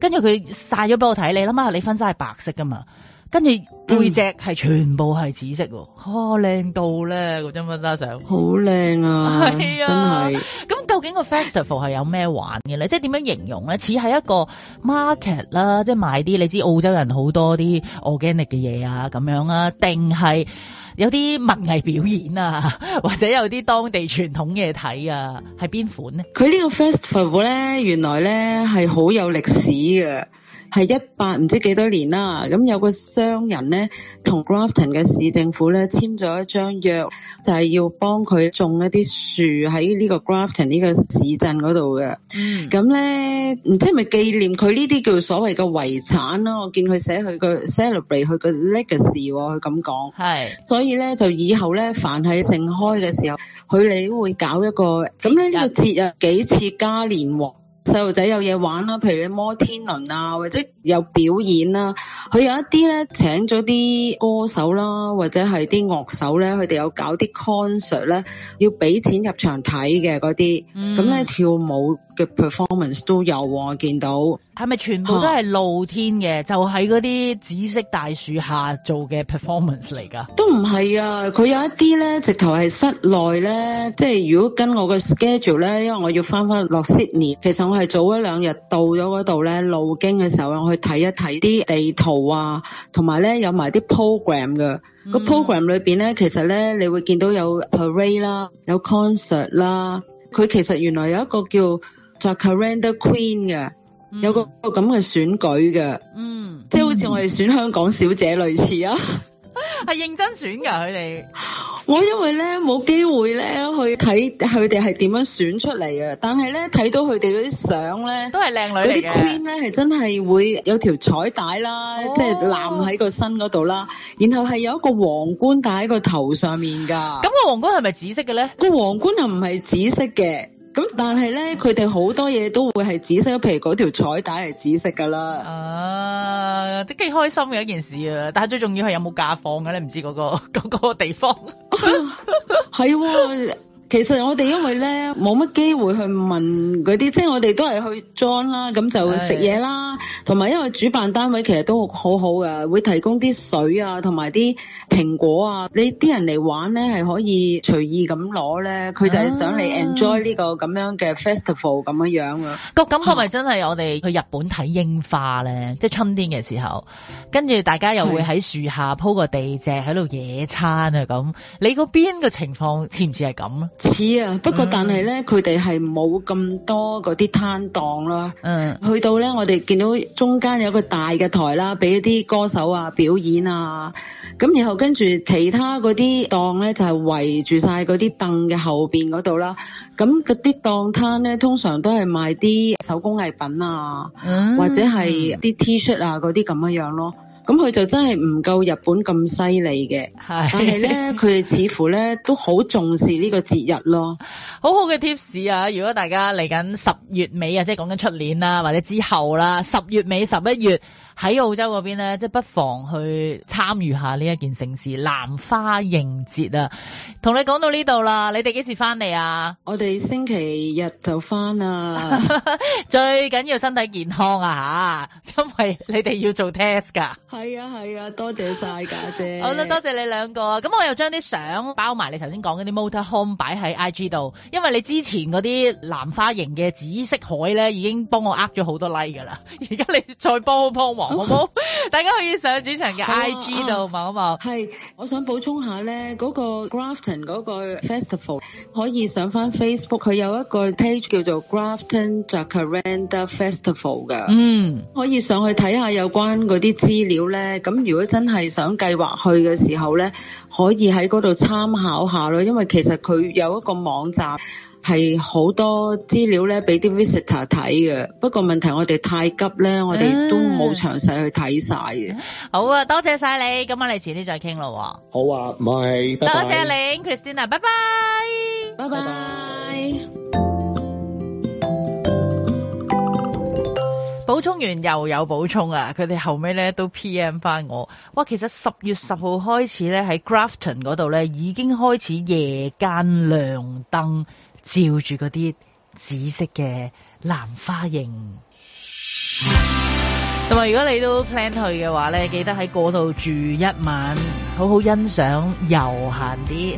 跟住佢晒咗俾我睇。你諗下，你婚紗係白色噶嘛？跟住背脊係全部係紫色喎，哦，靚到咧嗰張婚紗相，好靚啊，係、哎、啊，咁究竟個 festival 係有咩玩嘅咧？ 即係點樣形容咧？似係一個 market 啦、啊，即係賣啲你知澳洲人好多啲 organic 嘅嘢啊，咁樣啊，定係有啲文藝表演啊，或者有啲當地傳統嘢睇啊？係邊款咧？佢呢個 festival 咧，原來咧係好有歷史嘅。係一百唔知幾多年啦，咁有個商人咧同 Grafton 嘅市政府咧簽咗一張約，就係、是、要幫佢種一啲樹喺呢個 Grafton 呢個市鎮嗰度嘅。咁、嗯、咧，唔知係咪紀念佢呢啲叫所謂嘅遺產囉。我見佢寫佢個 celebrate 佢個 legacy 喎，佢咁講。係。所以咧，就以後咧，凡係盛開嘅時候，佢哋會搞一個咁咧呢、這個節日幾次嘉年華。細路仔有嘢玩啦，譬如你摩天輪啊，或者有表演啦、啊。佢有一啲咧，請咗啲歌手啦，或者係啲樂手咧，佢哋有搞啲 concert 咧，要俾錢入場睇嘅嗰啲。咁咧、嗯、跳舞。嘅 performance 都有，我見到，係咪全部都係露天嘅、啊？就喺嗰啲紫色大樹下做嘅 performance 嚟噶？都唔係啊，佢有一啲咧，直頭係室內咧。即係如果跟我嘅 schedule 咧，因為我要翻翻落 Sydney，其實我係早一兩日到咗嗰度咧，路經嘅時候，我去睇一睇啲地圖啊，同埋咧有埋啲 program 嘅個、嗯、program 裏邊咧，其實咧你會見到有 parade 啦，有 concert 啦，佢其實原來有一個叫。係 c a n d a r Queen 嘅、嗯，有個咁嘅選舉嘅，嗯，即係好似我哋選香港小姐類似啊，係、嗯、 認真選噶佢哋。 我因為咧冇機會咧去睇佢哋係點樣選出嚟啊，但係咧睇到佢哋啲相咧，都係靚女嚟嘅。嗰啲 Queen 咧係真係會有條彩帶啦、哦，即係攬喺個身度啦，然後係有一個皇冠戴喺個頭上面噶。咁、嗰個皇冠係咪紫色嘅咧？嗰個皇冠又唔係紫色嘅。咁但係咧，佢哋好多嘢都會係紫色，譬如嗰條彩帶係紫色噶啦。啊，都幾開心嘅一件事啊！但係最重要係有冇假放嘅咧？唔知嗰個、嗰個地方係喎。 啊是啊 其實我哋因為咧冇乜機會去問嗰啲，即係我哋都係去裝啦，咁就食嘢啦，同埋因為主辦單位其實都好好嘅，會提供啲水啊，同埋啲蘋果啊，你啲人嚟玩咧係可以隨意咁攞咧，佢就係想嚟 enjoy 呢個咁樣嘅 festival 咁樣樣咯。個感覺咪真係我哋去日本睇櫻花咧，即係春天嘅時候，跟住大家又會喺樹下鋪個地席喺度野餐啊咁。你嗰邊嘅情況似唔似係咁咧？似啊，不過但係咧，佢哋係冇咁多嗰啲攤檔咯。嗯，去到咧，我哋見到中間有一個大嘅台啦，俾啲歌手啊表演啊。咁然後跟住其他嗰啲檔咧，就係、是、圍住晒嗰啲凳嘅後邊嗰度啦。咁嗰啲檔攤咧，通常都係賣啲手工藝品啊，嗯、或者係啲 T 恤啊嗰啲咁嘅樣咯。咁佢就真係唔夠日本咁犀利嘅，但係咧佢哋似乎咧 都好重視呢個節日咯，好好嘅 tips 啊！如果大家嚟緊十月尾啊，即係講緊出年啦或者之後啦，十月尾十一月喺澳洲嗰邊咧，即係不妨去參與下呢一件盛事——藍花楹節啊！同你講到呢度啦，你哋幾時翻嚟啊？我哋星期日就翻啦， 最緊要身體健康啊吓，因為你哋要做 test 噶。係啊係啊，多謝晒家姐，姐。 好啦，多謝你兩個。咁我又將啲相包埋你頭先講嗰啲 motorhome 擺喺 IG 度，因為你之前嗰啲藍花型嘅紫色海咧，已經幫我呃咗好多 like 噶啦。而家你再幫幫，幫忙，oh. 好唔好？大 家可以上主場嘅 IG 度望一望。係、oh. oh.，我想補充下咧，嗰、那個 Grafton 嗰個 Festival 可以上翻 Facebook，佢有一個 page 叫做 Grafton Jacaranda Festival 噶。嗯、mm.，可以上去睇下有關嗰啲資料。咧，咁如果真係想計劃去嘅時候咧，可以喺嗰度參考下咯。因為其實佢有一個網站係好多資料咧，俾啲 visitor 睇嘅。不過問題我哋太急咧，我哋都冇詳細去睇晒。嘅、嗯。好啊，多謝晒你。咁我哋遲啲再傾咯。好啊，唔係。多謝你，Christina，拜拜。拜拜。Bye bye。補充完又有補充啊！佢哋後尾咧都 PM 翻我，哇！其實十月十號開始咧喺 Grafton 嗰度咧已經開始夜間亮燈，照住嗰啲紫色嘅藍花楹。同埋 如果你都 plan 去嘅話咧，記得喺嗰度住一晚，好好欣賞，悠閒啲。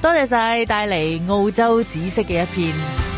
多謝晒帶嚟澳洲紫色嘅一片。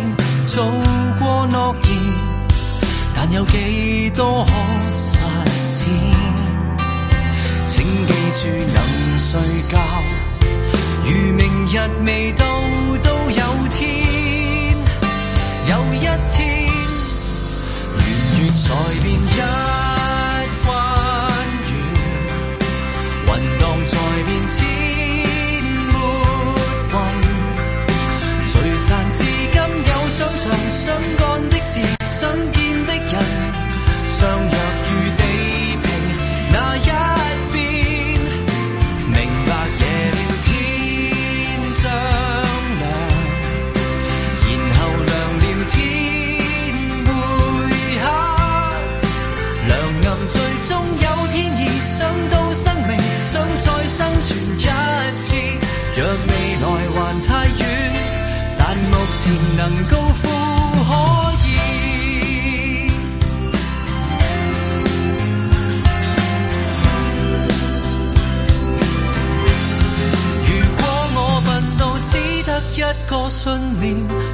做過諾言，但有幾多可實踐？請記住，能睡覺，如明日未到，都有天。有一天，圓月在變一彎月，雲蕩在面前。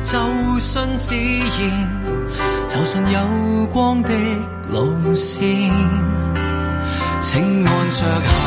就順自然，就算有光的路線，請按着。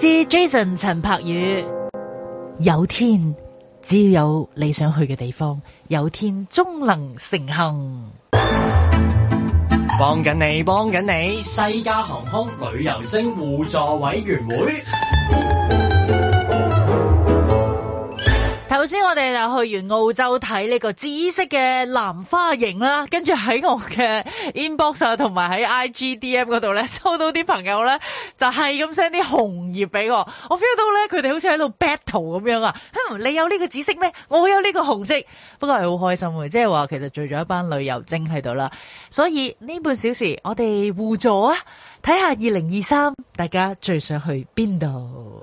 知 Jason 陳柏宇，有天只要有你想去嘅地方，有天終能成行。幫緊你，幫緊你，西加航空旅遊精互助委員會。首先我哋就去完澳洲睇呢個紫色嘅藍花楹啦，跟住喺我嘅 inbox 同埋喺 IGDM 嗰度咧，收到啲朋友咧就係咁 send 啲紅葉俾我，我 feel 到咧佢哋好似喺度 battle 咁樣啊，哼，你有呢個紫色咩？我有呢個紅色，不過係好開心嘅，即係話其實聚咗一班旅遊精喺度啦，所以呢半小時我哋互助啊，睇下二零二三，大家最想去邊度？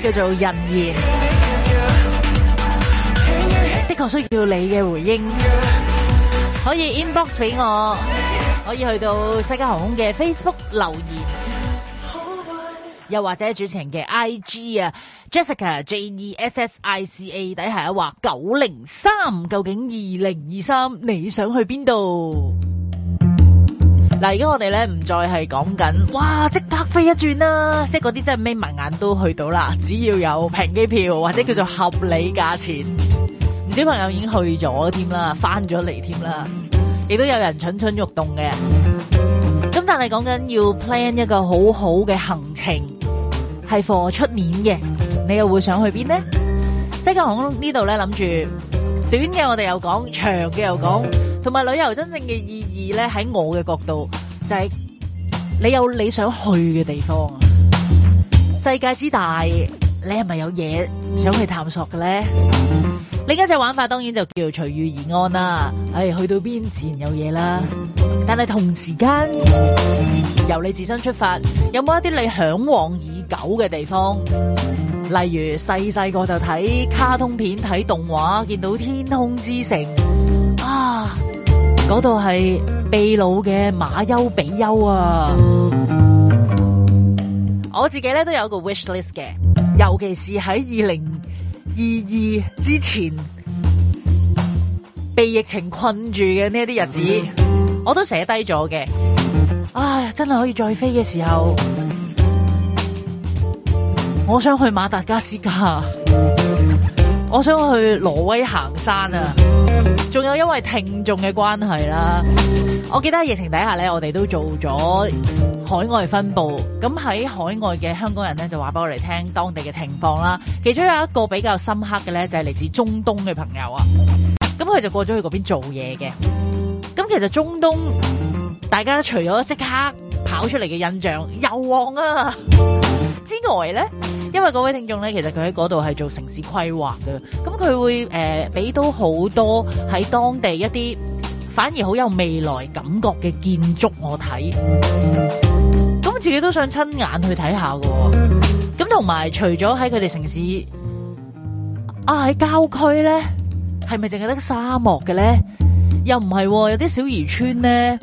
叫做人言，的確需要你嘅回應，可以 inbox 俾我，可以去到西加航空嘅 Facebook 留言，又或者主持人嘅 IG 啊 Jessica J E S S I C A 底下一劃九零三，903，究竟二零二三你想去邊度？嗱，而家我哋咧唔再係講緊，哇即刻飛一轉啦、啊，即係嗰啲真係眯埋眼都去到啦，只要有平機票或者叫做合理價錢，唔少朋友已經去咗添啦，翻咗嚟添啦，亦都有人蠢蠢欲動嘅。咁但係講緊要 plan 一個好好嘅行程係 for 出年嘅，你又會想去邊呢？西加航空呢度咧，諗住短嘅我哋又講，長嘅又講。同埋旅遊真正嘅意義咧，喺我嘅角度就係、是、你有你想去嘅地方啊！世界之大，你係咪有嘢想去探索嘅咧？另一隻玩法當然就叫隨遇而安啦。唉、哎，去到邊自然有嘢啦。但係同時間由你自身出發，有冇一啲你嚮往已久嘅地方？例如細細個就睇卡通片、睇動畫，見到天空之城啊！嗰度係秘魯嘅馬丘比丘啊！我自己咧都有個 wish list 嘅，尤其是喺二零二二之前被疫情困住嘅呢一啲日子，我都寫低咗嘅。唉，真係可以再飛嘅時候，我想去馬達加斯加，我想去挪威行山啊！仲有因為聽眾嘅關係啦，我記得疫情底下咧，我哋都做咗海外分部，咁喺海外嘅香港人咧就話俾我哋聽當地嘅情況啦。其中有一個比較深刻嘅咧，就係嚟自中東嘅朋友啊，咁佢就過咗去嗰邊做嘢嘅。咁其實中東大家除咗即刻跑出嚟嘅印象油王啊之外咧。因為嗰位聽眾咧，其實佢喺嗰度係做城市規劃嘅，咁佢會誒俾、呃、到好多喺當地一啲反而好有未來感覺嘅建築，我睇，咁自己都想親眼去睇下嘅、哦。咁同埋除咗喺佢哋城市啊喺郊區咧，係咪淨係得沙漠嘅咧？又唔係、哦，有啲小漁村咧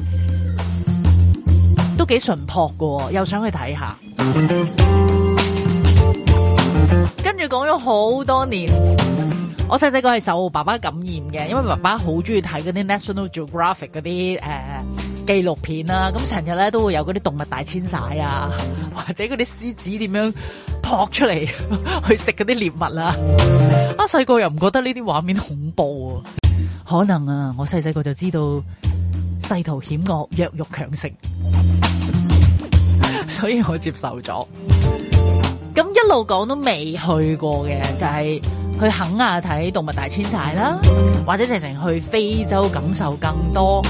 都幾淳樸嘅，又想去睇下。跟住講咗好多年，我細細個係受爸爸感染嘅，因為爸爸好中意睇嗰啲 National Geographic 嗰啲誒紀錄片啦、啊，咁成日咧都會有嗰啲動物大遷徙啊，或者嗰啲獅子點樣撲出嚟去食嗰啲獵物啊，啊細個又唔覺得呢啲畫面恐怖、啊，可能啊我細細個就知道世途險惡，弱肉強食，所以我接受咗。一路講都未去過嘅，就係、是、去肯亞睇動物大遷徙啦，或者成成去非洲感受更多。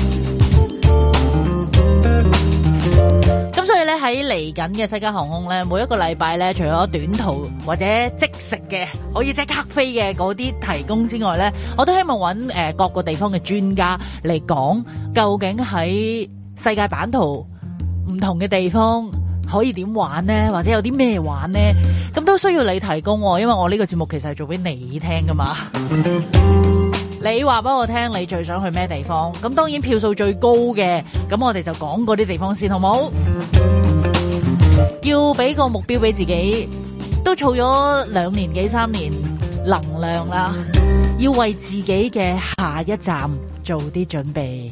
咁 所以呢，喺嚟緊嘅西加航空呢，每一個禮拜呢，除咗短途或者即食嘅可以即刻飛嘅嗰啲提供之外呢，我都希望搵誒、呃、各個地方嘅專家嚟講，究竟喺世界版圖唔同嘅地方。可以點玩呢？或者有啲咩玩呢？咁都需要你提供、哦，因為我呢個節目其實係做俾你聽㗎嘛。 你話俾我聽，你最想去咩地方？咁當然票數最高嘅，咁我哋就講嗰啲地方先，好冇 要俾個目標俾自己，都儲咗兩年幾三年能量啦，要為自己嘅下一站做啲準備。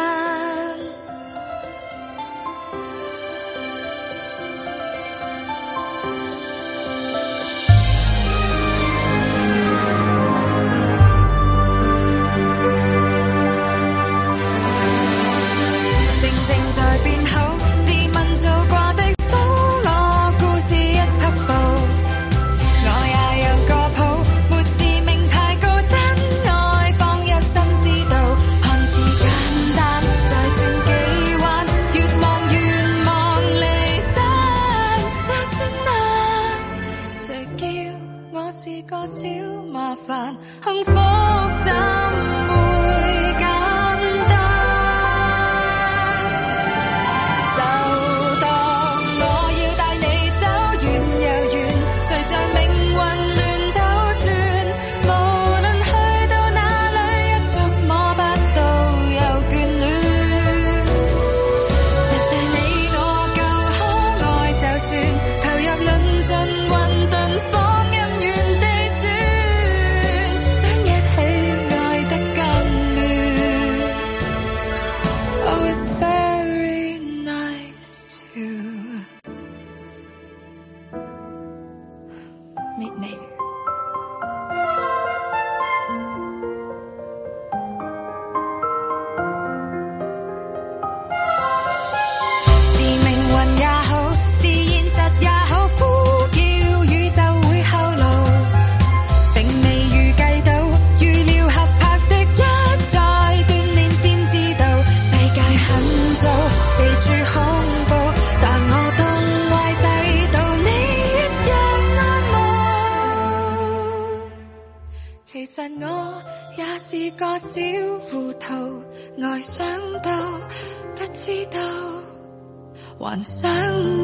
想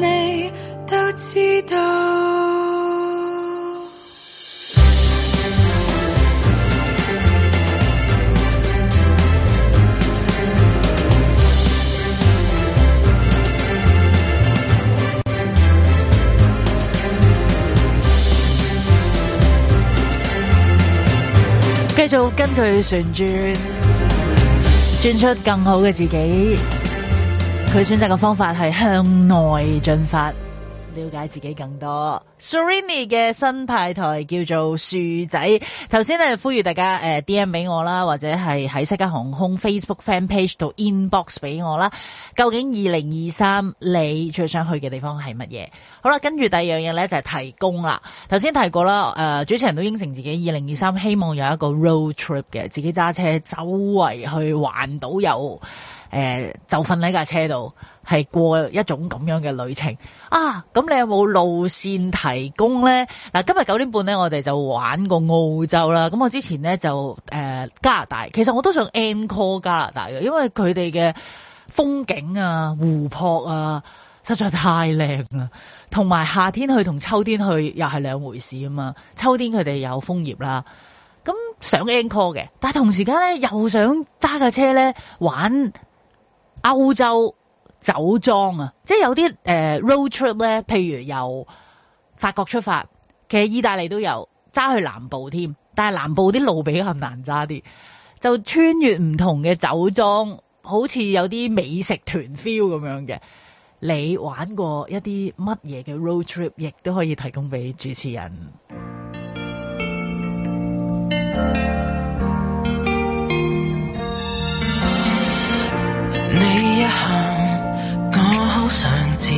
你都知道，繼續跟佢旋轉，轉出更好嘅自己。佢選擇嘅方法係向內進發，了解自己更多。Serrini 嘅新派台叫做樹仔。頭先咧呼籲大家誒 DM 俾我啦，或者係喺世界航空 Facebook fan page 度 inbox 俾我啦。究竟二零二三你最想去嘅地方係乜嘢？好啦，跟住第二樣嘢咧就係提供啦。頭先提過啦，誒主持人都應承自己二零二三希望有一個 road trip 嘅，自己揸車周圍去環島遊。誒、呃，就瞓喺架車度，係過一種咁樣嘅旅程啊。咁你有冇路線提供咧？嗱、啊，今日九點半咧，我哋就玩過澳洲啦。咁我之前咧就誒、呃、加拿大，其實我都想 a n c o r Encore 加拿大嘅，因為佢哋嘅風景啊、湖泊啊，實在太靚啦。同埋夏天去同秋天去又係兩回事啊嘛。秋天佢哋有楓葉啦，咁想 a n c o r Encore 嘅，但係同時間咧又想揸架車咧玩。歐洲酒莊啊，即係有啲、呃、road trip 咧，譬如由法國出發，其實意大利都有，揸去南部添，但係南部啲路比較難揸啲，就穿越唔同嘅酒莊，好似有啲美食團 feel 咁樣嘅。你玩過一啲乜嘢嘅 road trip，亦都可以提供俾主持人。 你一喊，我好想接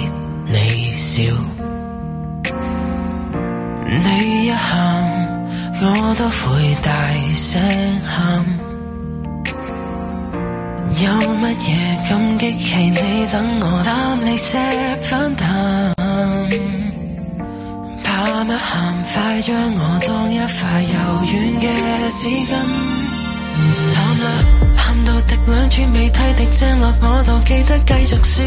你笑。你一喊，我都會大聲喊。有乜嘢咁激氣，係你等我攬你錫翻啖。怕乜喊，快將我當一塊柔軟嘅紙巾。到滴兩串，未睇滴正落我度，記得繼續笑。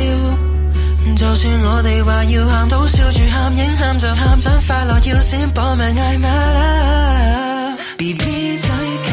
就算我哋話要喊，到笑住喊，影喊就喊想快樂，要閃搏命嗌嗎啦。BB 仔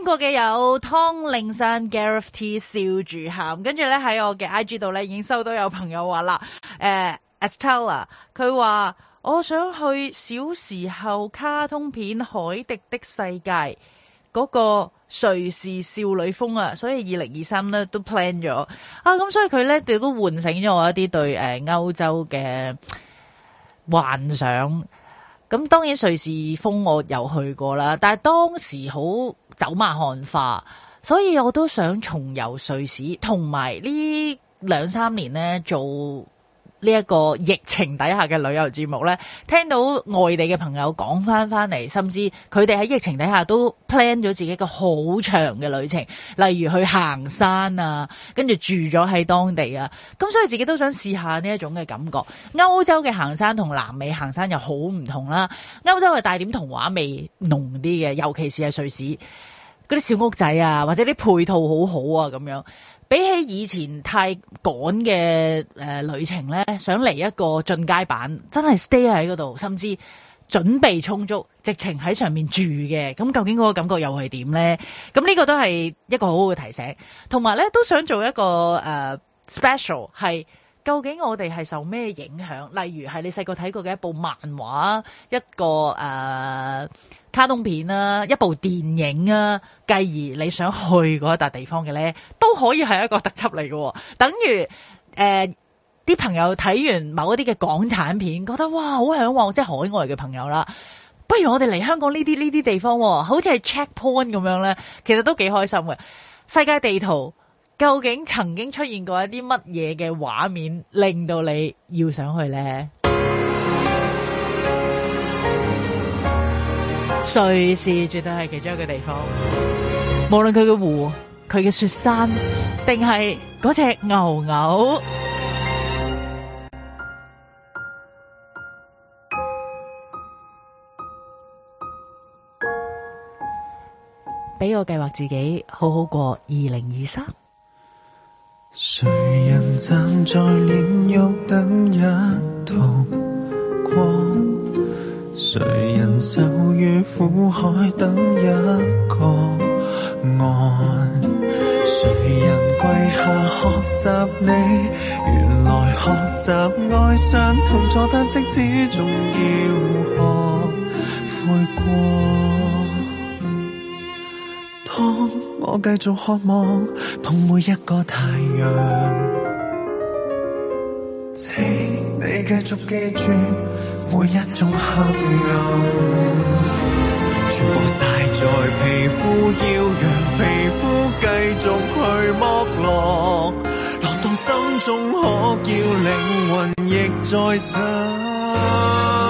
英國嘅有湯令山 Gareth T 笑住喊，跟住咧喺我嘅 IG 度咧已經收到有朋友話啦，誒 Estella，佢話我想去小時候卡通片《海迪的世界》嗰、那個瑞士少女峰啊，所以二零二三咧都 plan 咗啊，咁、嗯、所以佢咧亦都喚醒咗我一啲對誒歐、呃、洲嘅幻想。咁、嗯、當然瑞士峰我有去過啦，但係當時好。走馬看花，所以我都想重遊瑞士，同埋呢兩三年咧做。呢、這、一個疫情底下嘅旅遊節目呢，聽到外地嘅朋友講翻翻嚟，甚至佢哋喺疫情底下都 plan 咗自己一個好長嘅旅程，例如去行山啊，跟住住咗喺當地啊。咁、嗯、所以自己都想試下呢一種嘅感覺。歐洲嘅行山同南美行山又好唔同啦。歐洲係帶點童話味濃啲嘅，尤其是係瑞士嗰啲小屋仔啊，或者啲配套好好啊咁樣。比起以前太趕嘅誒旅程咧，想嚟一個進階版，真係 stay 喺嗰度，甚至準備充足，直情喺上面住嘅，咁究竟嗰個感覺又係點咧？咁呢個都係一個好好嘅提醒，同埋咧都想做一個誒、呃、special 係。究竟我哋係受咩影響？例如係你細個睇過嘅一部漫畫、一個誒、呃、卡通片啦、啊，一部電影啊，繼而你想去嗰一笪地方嘅咧，都可以係一個特輯嚟嘅。等於誒，啲、呃、朋友睇完某一啲嘅港產片，覺得哇好向往，即係海外嘅朋友啦，不如我哋嚟香港呢啲呢啲地方、哦，好似係 Checkpoint 咁樣咧，其實都幾開心嘅。世界地圖。究竟曾經出現過一啲乜嘢嘅畫面，令到你要上去咧？瑞 士絕對係其中一個地方，無論佢嘅湖、佢嘅雪山，定係嗰隻牛牛，俾 我計劃自己好好過二零二三。誰人站在煉獄等一道光？誰人守於苦海等一個岸？誰人跪下學習你？原來學習愛上同坐單車，始終要學悔過。.我繼續渴望碰每一個太陽，請你繼續記住每一種黑暗，全部曬在皮膚，要讓皮膚繼續去剝落，落到心中可，可叫靈魂亦再生。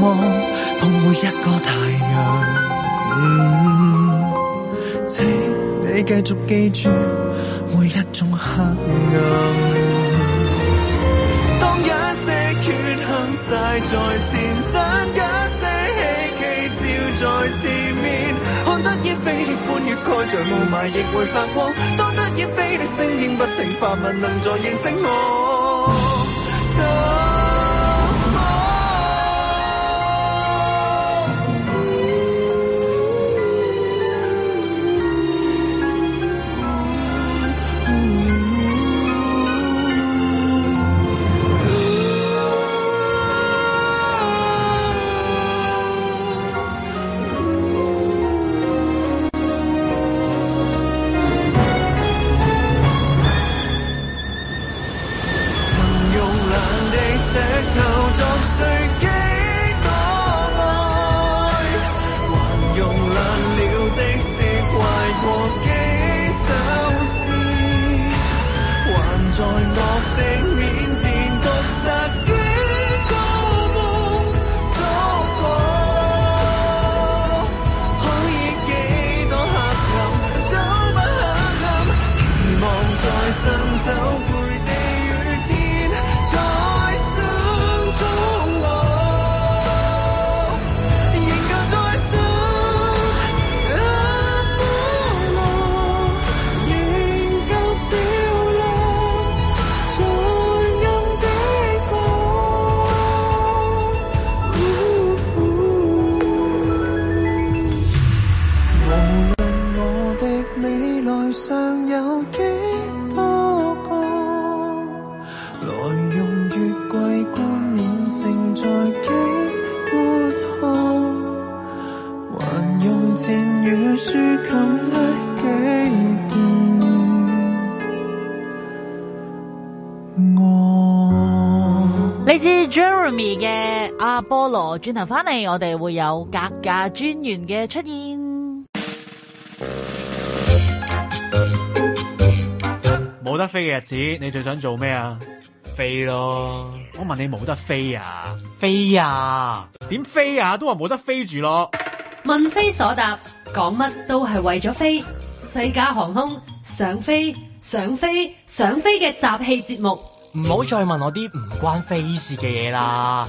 望同每一個太陽、嗯。請你繼續記住每一種黑暗。嗯、當一些缺陷晒在前身，一些希冀照在前面。看得意飛的半月蓋在霧霾，亦會發光。當得意飛的聲音不停發問，能再認識我。轉頭翻嚟，我哋會有格價專員嘅出現。冇得飛嘅日子，你最想做咩啊？飛咯！我問你冇得飛啊？飛啊？點飛啊？都話冇得飛住咯。問非所答，講乜都係為咗飛。西加航空，想飛，想飛，想飛嘅雜氣節目。唔、嗯、好再問我啲唔關飛事嘅嘢啦。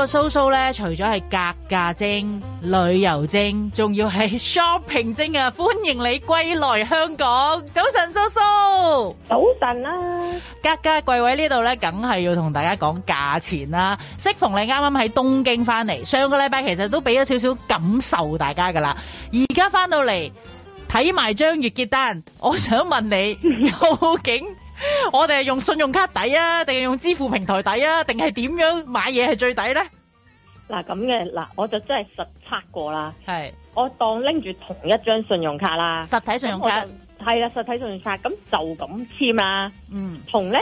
個蘇蘇咧，除咗係格價精、旅遊精，仲要係 shopping 精啊！歡迎你歸來香港，早晨蘇蘇，早晨啦！格價櫃位呢度咧，梗係要同大家講價錢啦。適逢你啱啱喺東京翻嚟，上個禮拜其實都俾咗少少感受大家噶啦。而家翻到嚟睇埋張月結單，我想問你究竟？ 我哋係用信用卡抵啊，定係用支付平台抵啊，定係點樣買嘢係最抵呢？嗱咁嘅，嗱我就真係實測過啦，係我當拎住同一張信用卡啦，實體信用卡係啦，實體信用卡咁就咁簽啦，嗯，同呢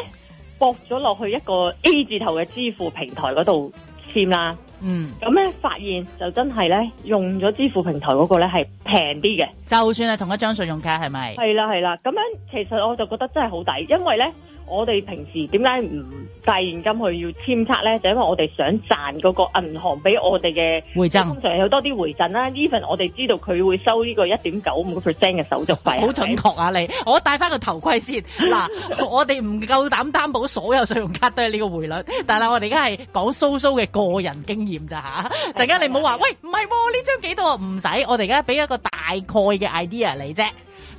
駁咗落去一個 A 字頭嘅支付平台嗰度簽啦。嗯，咁咧發現就真係咧，用咗支付平台嗰個咧係平啲嘅，就算係同一張信用卡，係咪？係啦，係啦，咁樣其實我就覺得真係好抵，因為咧。我哋平時點解唔帶現金去要簽卡咧？就係、因為我哋想賺嗰個銀行俾我哋嘅回贈，通常有多啲回贈啦。even 我哋知道佢會收呢個一點九五 percent 嘅手續費。好準確啊！你我戴翻個頭盔先。嗱， 我哋唔夠膽擔保所有信用卡都係呢個匯率。但係我哋而家係講蘇蘇嘅個人經驗咋吓。陣 間你唔好話喂，唔係呢張幾多？唔使。我哋而家俾一個大概嘅 idea 嚟啫。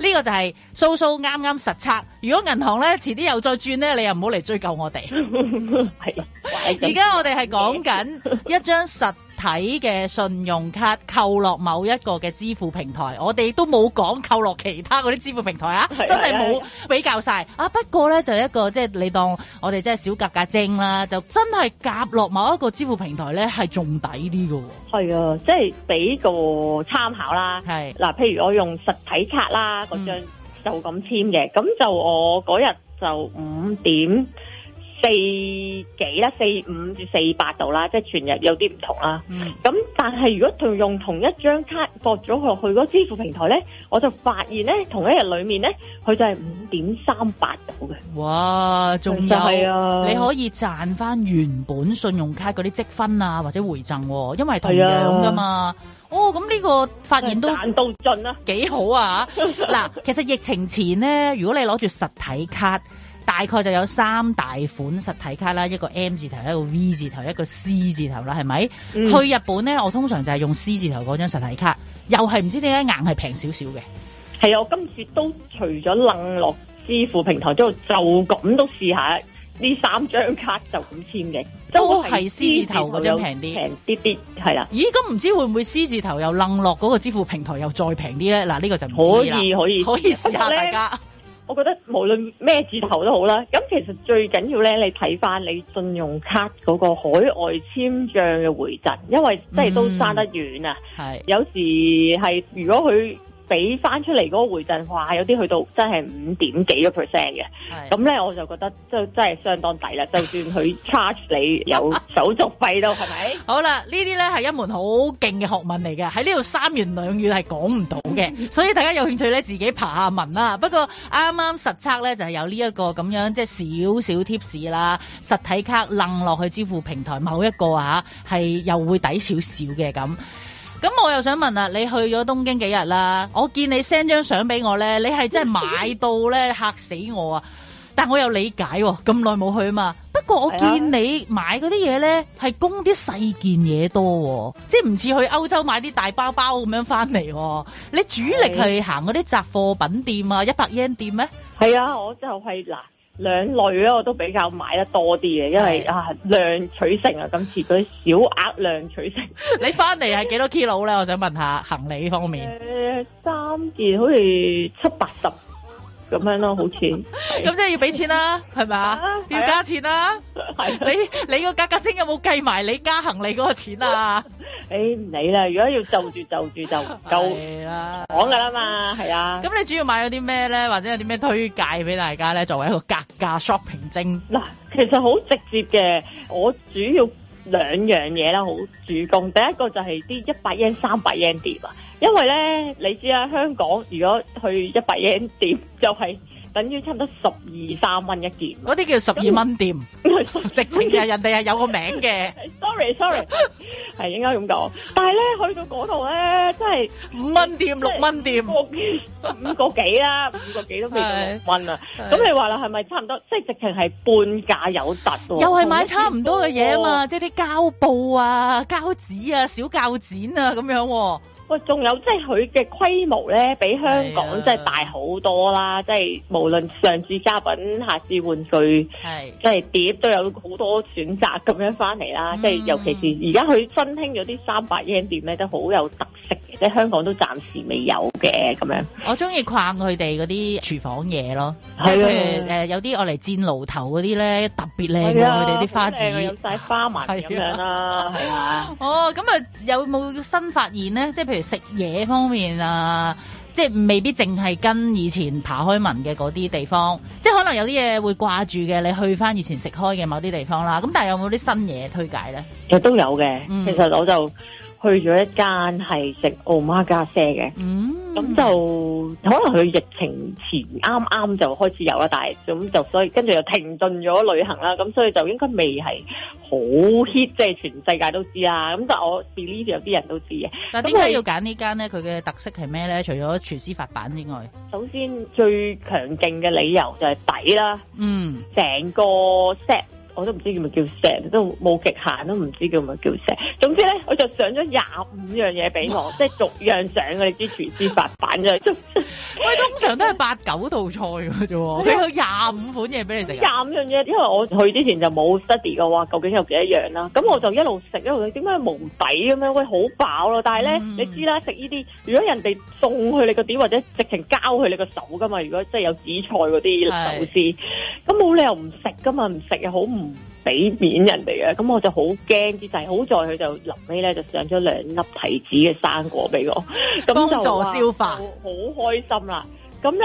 呢、這個就係蘇蘇啱啱實測。如果銀行咧遲啲又再轉咧，你又唔好嚟追究我哋。係，而家我哋係講緊一張實。睇嘅信用卡扣落某一個嘅支付平台，我哋都冇講扣落其他嗰啲支付平台啊，真係冇比較晒啊。不過呢，就一個即係、就是、你當我哋即係小格格精啦，就真係夾落某一個支付平台呢，係仲抵啲噶。係啊，即係俾個參考啦。係嗱，譬如我用實體卡啦，嗰張就咁簽嘅，咁、嗯、就我嗰日就五點。四幾啦？四五至四百度啦，即係全日有啲唔同啦。咁但係如果同用同一張卡駁咗落去嗰支付平台咧，我就發現咧同一日裏面咧，佢就係五點三八度嘅。哇，仲有，你可以賺翻原本信用卡嗰啲積分啊，或者回贈，因為同樣噶嘛。哦，咁呢個發現都賺到盡啦，幾好啊！嗱，其實疫情前咧，如果你攞住實體卡。大概就有三大款實體卡啦，一個 M 字頭，一個 V 字頭，一個 C 字頭啦，係咪、嗯？去日本咧，我通常就係用 C 字頭嗰張實體卡，又係唔知點解硬係平少少嘅。係啊，我今次都除咗楞落支付平台之後，就咁都試下呢三張卡，就咁簽嘅，都係 C 字頭嗰張平啲，平啲啲，係啦。咦，咁唔知會唔會 C 字頭又楞落嗰個支付平台又再平啲咧？嗱、啊、呢、呢個就唔知啦。可以可以可以試下大家。我覺得無論咩字頭都好啦，咁其實最緊要咧，你睇翻你信用卡嗰個海外簽賬嘅回贈，因為即係都差得遠啊，嗯，有時係如果佢，俾翻出嚟嗰個回贈，哇！有啲去到真係五點幾個 percent 嘅，咁呢，我就覺得就真係相當抵啦。 就算佢 charge 你有手續費都係咪 好啦，呢啲呢係一門好勁嘅學問嚟嘅，喺呢度三言兩語係講唔到嘅， 所以大家有興趣呢，自己爬下文啦。不過啱啱實測呢，就係有呢一個咁樣即係少少 tips 啦，實體卡掹落去支付平台某一個啊，係又會抵少少嘅咁。咁我又想問啦，你去咗東京幾日啦？我見你 send 張相俾我咧，你係真係買到咧，嚇死我啊！ 但我有理解喎、哦，咁耐冇去嘛。不過我見你買嗰啲嘢咧，係供啲細件嘢多、哦，即係唔似去歐洲買啲大包包咁樣翻嚟。你主力係行嗰啲雜貨品店啊，一百日圓店咩？係啊，我就係嗱。兩類咧，我都比較買得多啲嘅，因為啊，量取勝啊，今次啲小額量取勝。 你翻嚟係幾多 kilo 咧？我想問下行李方面，呃，誒，三件好似七八十。咁樣咯，好似咁 即係要俾錢啦、啊，係咪、啊？要加錢啦、啊。係、啊、 你你個價格清，有冇計埋你加行李嗰個錢啊？誒 唔、欸、理啦，如果要就住就住就就講㗎啦嘛，係 啊。咁、啊嗯、你主要買咗啲咩咧？或者有啲咩推介俾大家咧？作為一個價格 shopping 精嗱，其實好直接嘅，我主要兩樣嘢啦，好主攻。第一個就係啲一百 yen 三百 yen 碟因為呢，你知啦，香港如果去一百円店就係、是。等於差唔多十二三蚊一件，嗰啲叫十二蚊店，直情其實人哋係有個名嘅。Sorry Sorry，係應該咁講。但係咧去到嗰度咧，真係五蚊店、六蚊店，五個幾啦，五個幾都未到六蚊啊！咁你話啦，係咪差唔多？即係直情係半價有突，又係買差唔多嘅嘢啊嘛！即係啲膠布啊、膠紙啊、小鉸剪啊咁樣。喂，仲有即係佢嘅規模咧，比香港即係大好多啦，即係。無論上至家品下至玩具，係即係碟都有好多選擇咁樣翻嚟啦。即係尤其是而家佢新興咗啲三百 yen 店咧，都好有特色嘅，即係香港都暫時未有嘅咁樣。我中意逛佢哋嗰啲廚房嘢咯，即係誒有啲我嚟煎爐頭嗰啲咧特別靚嘅，啊，佢哋啲花枝、啊。有晒花紋咁樣啦，係啊。啊啊 哦，咁啊有冇新發現咧？即係譬如食嘢方面啊。即係未必淨係跟以前扒開文嘅嗰啲地方，即係可能有啲嘢會掛住嘅，你去翻以前食開嘅某啲地方啦。咁但係有冇啲新嘢推介咧？其實都有嘅、嗯，其實我就。去咗一間係食 Omakase 嘅，咁、嗯、就可能佢疫情前啱啱就開始有啦，但係咁就所以跟住又停頓咗旅行啦，咁所以就應該未係好 hit，即係全世界都知啊，咁但係我 believe 有啲人都知嘅。但係點解要揀呢間咧？佢嘅特色係咩咧？除咗廚師發辦之外，首先最強勁嘅理由就係抵啦，嗯，成個 set。我都唔知叫咪叫石，都冇極限都唔知叫咪叫石。總之咧，我就上咗廿五樣嘢俾我，即係逐樣上嘅。你知廚師發辦啫，喂，通常都係八九道菜㗎啫，佢有廿五款嘢俾你食。廿五樣嘢，因為我去之前就冇 study 嘅話，究竟有幾多樣啦？咁我就一路食一路食，點解冇底咁樣？喂，好飽咯！但係咧，你知啦，食呢啲如果人哋送去你個碟或者直情交去你個手㗎嘛？如果即係有紫菜嗰啲壽司，咁冇理由唔食㗎嘛？唔食又好唔～唔俾面人哋嘅，咁我就好驚啲滯，好在佢就臨尾咧就上咗兩粒提子嘅生果俾我，咁幫助消化 就好開心啦。咁咧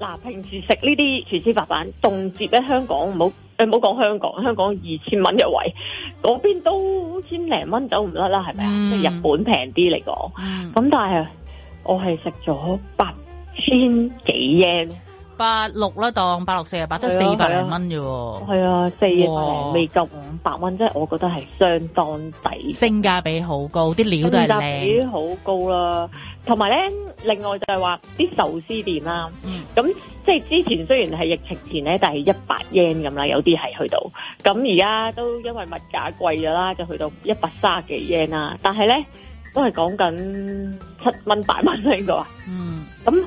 嗱，平時食呢啲廚師白板凍接咧，香港唔好誒，唔好講香港，香港二千蚊一位，嗰邊都千零蚊走唔甩啦，係咪啊？即係日本平啲嚟講，咁、嗯、但係我係食咗八千幾日圓八六啦，當八六四啊八，都四百零蚊啫。係啊，四百零未夠五百蚊，即係我覺得係相當抵，性價比好高，啲料都係靚。性價比好高啦，同埋咧，另外就係話啲壽司店啦，咁即係之前雖然係疫情前咧，但係一百 yen 咁啦，有啲係去到，咁而家都因為物價貴咗啦，就去到一百卅幾 yen 啦，但係咧都係講緊七蚊八蚊喺度啊。嗯。咁。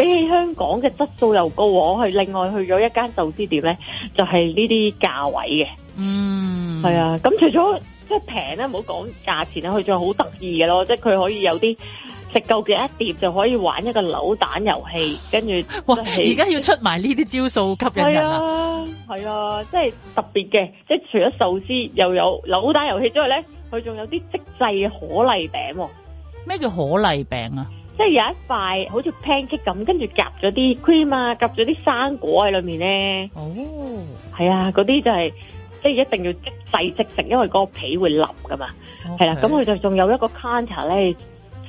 比起香港嘅質素又高，我係另外去咗一間壽司店呢，就係呢啲價位嘅。嗯。係啊，咁除咗即係平呢，唔好講價錢呢，佢仲係好得意嘅咯，即係佢可以有啲食夠嘅一碟就可以玩一個扭蛋遊戲，跟住哇，而家要出埋呢啲招數吸引人啊。 即係有一塊好似 pancake 咁，跟住夾咗啲 cream 啊，夾咗啲生果喺裏面咧。哦，係啊，嗰啲就係、是、即係一定要即製即食，因為嗰個皮會腍噶嘛。係、okay. 啦、啊，咁佢就仲有一個 counter 咧。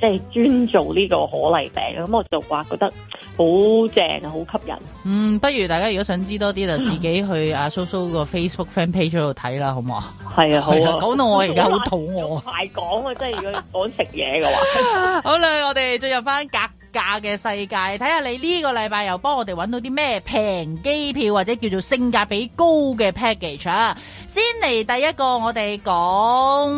即係專做呢個可麗餅，咁我就話覺得好正啊，好吸引。嗯，不如大家如果想知多啲，就 自己去阿蘇蘇個 Facebook Fan Page 度睇啦，好唔好啊？係啊，好啊。啊，講到我而家好肚餓。快講啊，即 係如果講食嘢嘅話。 好啦，我哋進入翻隔價嘅世界，睇下你呢個禮拜又幫我哋揾到啲咩平機票或者叫做性價比高嘅 package 啊！先嚟第一個，我哋講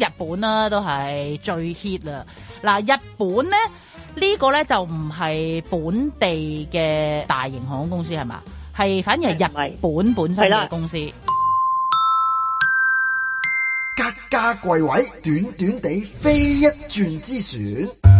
日本啦，都係最 hit 啦。嗱，日本咧呢個咧就唔係本地嘅大型航空公司係嘛，係反而係日本本身嘅公司。格價貴位，短短地飛一轉之選。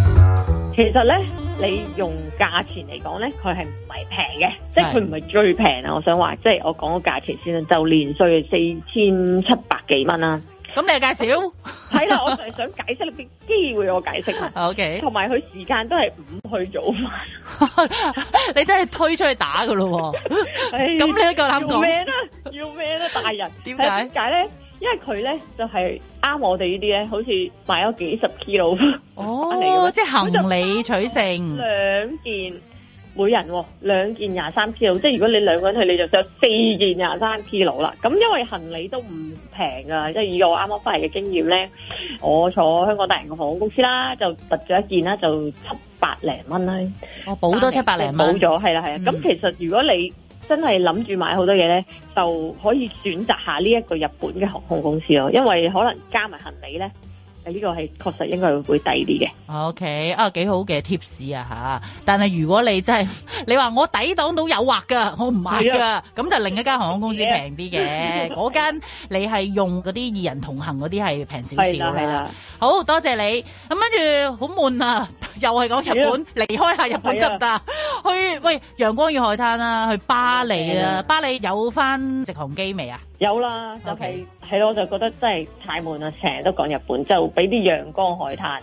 其實咧，你用價錢嚟講咧，佢係唔係平嘅，即係佢唔係最平啊！我想話，即係我講個價錢先啦，就年稅四千七百幾蚊啦。咁你又介紹？係 啦，我係想解釋你俾機會，我解釋啊，O K，同埋佢時間都係唔去早返 你真係推出去打噶咯？咁 你都夠膽講要咩咧？要咩咧？大人，點解？點解咧？因為佢咧就係啱我哋呢啲咧，好似買咗幾十 kilo 翻嚟嘅，即係行李取成兩件，每人兩件廿三 kilo，即係如果你兩個人去你就有四件廿三 kilo 啦。咁因為行李都唔平噶即係以我啱啱翻嚟嘅經驗咧，我坐香港大型航空公司啦，就揼咗一件啦，就七百零蚊啦，補多七百零蚊，補咗係啦係啊。咁其實如果你真係諗住買好多嘢咧，就可以選擇下呢一個日本嘅航空公司咯，因為可能加埋行李咧。呢、這個係確實應該會會抵啲嘅。OK，啊，幾好嘅 tips 啊吓。但係如果你真係，你話我抵擋到誘惑噶，我唔買噶，咁、啊、就另一間航空公司平啲嘅。嗰間、啊、你係用嗰啲二人同行嗰啲係平少少，係啦，好多謝你。咁跟住好悶啊，又係講日本，啊、離開一下日本得唔得？去喂陽光與海灘啊，去巴黎啊，啊巴黎有翻直航機未啊？有啦，就係係咯，我就覺得真係太悶啦，成日都講日本，就俾啲陽光海灘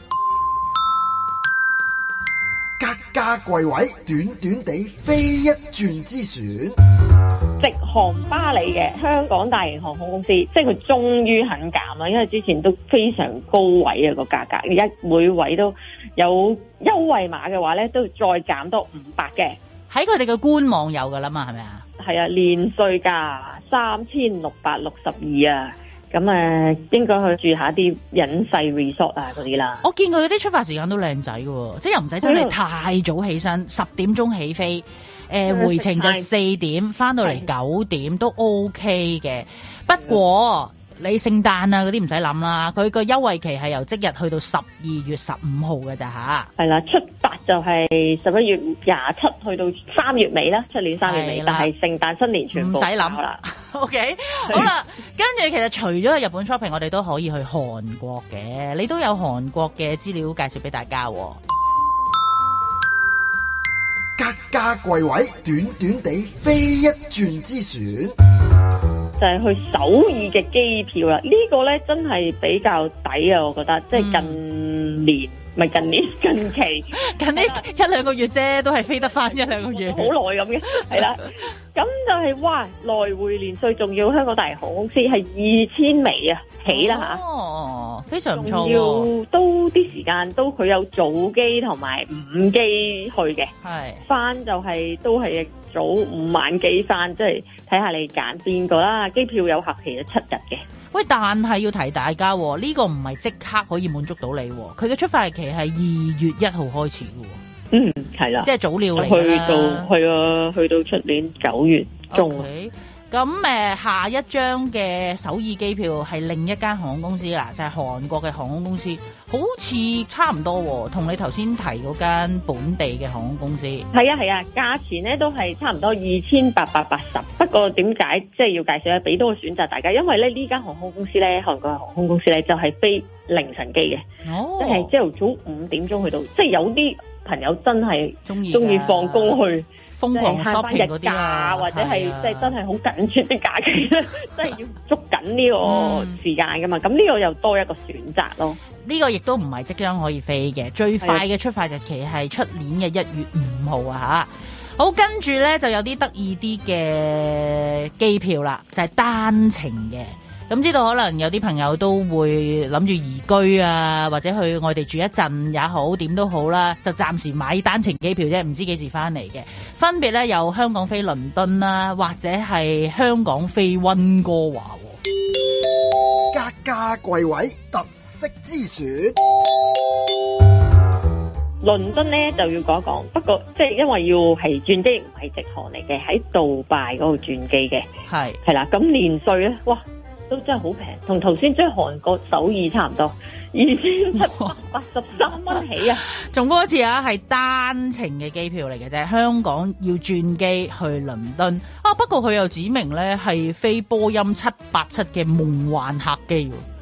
格價貴位，短短地飛一轉之選，直航巴黎嘅香港大型航空公司，即係佢終於肯減啦，因為之前都非常高位啊個價格，而家每位都有優惠碼嘅話咧，都再減到五百嘅，喺佢哋嘅官網有噶啦嘛，係咪啊？係啊，年稅噶三千六百六十二啊，咁啊，應該去住下啲隱世 resort 啊嗰啲啦。我見佢啲出發時間都靚仔喎，即係又唔使真係，太早起身，十點鐘起飛，呃、 回程就四點，翻到嚟九點都 OK 嘅。不過 你聖誕啊嗰啲唔使諗啦，佢個優惠期係由即日去到十二月十五號嘅咋吓，係啦，出發就係十一月廿七去到三月尾啦，出年三月尾，月月尾，但係聖誕新年全部唔使諗啦。好 OK，好啦，跟住其實除咗日本 shopping，我哋都可以去韓國嘅，你都有韓國嘅資料介紹俾大家，哦。格價貴位，短短地飛一轉之選。就係去首爾嘅機票啦，呢個咧真係比較抵啊！我覺得，即係近年，嗯，唔係近年，近期， 近呢一兩個月啫，都係飛得翻 一兩個月，好耐咁嘅，係啦。 咁就係、是、哇，來回連稅仲要香港大型航空公司係二千美啊起啦吓，哦，非常唔錯。要都啲時間都佢有早機同埋午機去嘅，係，翻就係、是、都係早午晚機翻，即係睇下你揀邊個啦。機票有合期七日嘅，喂，但係要提大家呢、這個唔係即刻可以滿足到你，佢嘅出發日期係二月一號開始喎。嗯，係啦，即係早料嚟去到去啊，去到出年九月中啊。Okay. 咁誒，下一張嘅首爾機票係另一間航空公司啦，就係韓國嘅航空公司，好似差唔多，同你頭先提嗰間本地嘅航空公司。係啊係啊，價錢咧都係差唔多二千八百八十。不過點解即係要介紹下俾多個選擇大家？因為咧呢間航空公司咧，韓國嘅航空公司咧就係飛凌晨機嘅，即係朝頭早五點鐘去到，即係有啲朋友真係中意放工去。瘋狂慳翻日假、啊、或者係即係真係好緊促啲假期咧，真 係要捉緊呢個時間㗎嘛。咁、嗯、呢個又多一個選擇咯。呢、這個亦都唔係即將可以飛嘅，最快嘅出發日期係出年嘅一月五號啊吓。好，跟住咧就有啲得意啲嘅機票啦，就係、是、單程嘅。咁知道可能有啲朋友都會諗住移居啊，或者去外地住一陣也好，點都好啦，就暫時買單程機票啫，唔知幾時翻嚟嘅。分別咧有香港飛倫敦啦，或者係香港飛温哥華。家家貴位，特色之選。倫敦咧就要講一講，不過即係因為要係轉機，唔係直航嚟嘅，喺杜拜嗰度轉機嘅，係係啦。咁年歲咧，哇！都真係好平，同頭先即係韓國首爾差唔多，二千七百八十三蚊起啊！重複 一次啊，係單程嘅機票嚟嘅啫，香港要轉機去倫敦啊，不過佢又指明呢係飛波音七八七嘅夢幻客機喎。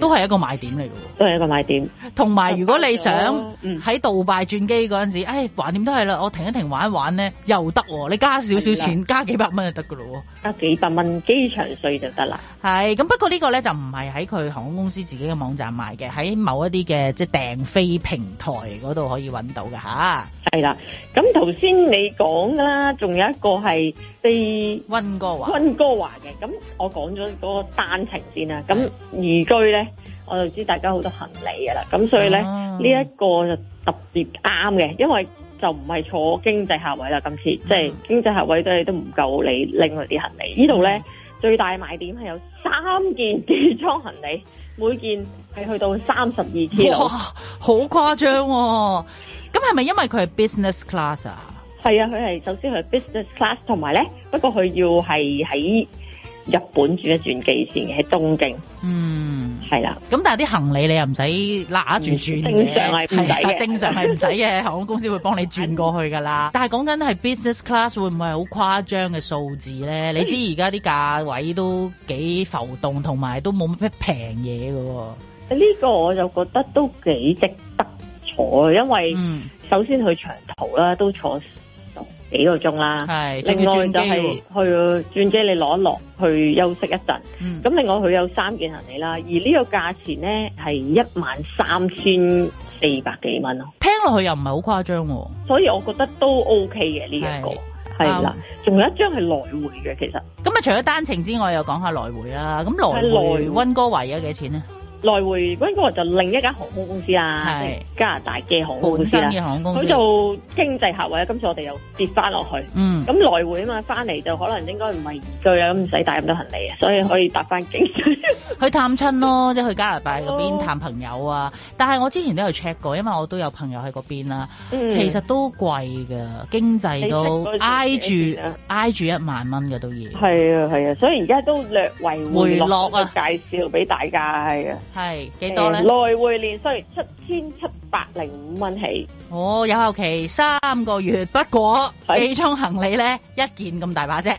都係一個賣點嚟嘅，都係一個賣點。同埋如果你想喺杜拜轉機嗰陣時，唉，橫掂都係啦，我停一停玩一玩咧又得喎，你加少少錢，加幾百蚊就得嘅咯，加幾百蚊機場稅就得啦。係咁，不過呢個咧就唔係喺佢航空公司自己嘅網站賣嘅，喺某一啲嘅即係訂飛平台嗰度可以揾到㗎吓。係啦，咁頭先你講啦，仲有一個係飛溫哥華，溫哥華嘅。咁我講咗嗰個單程先啦，咁而家。所以咧，我就知大家好多行李噶啦，咁所以咧呢一個就特別啱嘅，因為就唔係坐經濟客位啦，今次即係經濟客位都係都唔夠你拎嗰啲行李，呢度咧最大賣點係有三件機艙行李，每件係去到三十二 K，哇，好誇張！咁係咪因為佢係 Business Class 啊係啊，佢係首先佢係 Business Class，同埋咧，不過佢要係喺。日本轉一轉幾線嘅喺東京，嗯，係啦。咁但係啲行李你又唔使拿住轉，正常係唔使嘅。正常係唔使嘅，航空 公司會幫你轉過去噶啦。但係講緊係 business class 會唔會係好誇張嘅數字咧？ 你知而家啲價位都幾浮動，同埋都冇乜平嘢喎。呢、這個我就覺得都幾值得坐，因為首先去長途啦，都坐。幾個鐘啦，係。另外就係去轉機，你攞落去休息一陣。咁、嗯、另外佢有三件行李啦，而呢個價錢咧係一萬三千四百幾蚊咯。聽落去又唔係好誇張，所以我覺得都 OK 嘅呢一個係啦。仲、嗯、有一張係來回嘅，其實。咁啊，除咗單程之外，又講下來回啦。咁來回溫哥華而家幾多錢咧？來回嗰應、那個、就另一間航空公司啦，加拿大嘅航空公司啦。佢做經濟客位啊、嗯，今次我哋又跌翻落去。嗯。咁來回啊嘛，翻嚟就可能應該唔係移居咁，唔使帶咁多行李啊，所以可以搭翻經濟。 去探親咯，即、就、係、是、去加拿大嗰邊、哦、探朋友啊。但係我之前都有 check 過，因為我都有朋友喺嗰邊啦、嗯。其實都貴㗎，經濟都，啊、都挨住挨住一萬蚊嘅都要。係啊係啊，所以而家都略為會回落啊，介紹俾大家啊。係幾多咧？來、呃、回連稅七千七百零五蚊起。哦，有效期三個月不，不過寄艙行李咧一件咁大把啫。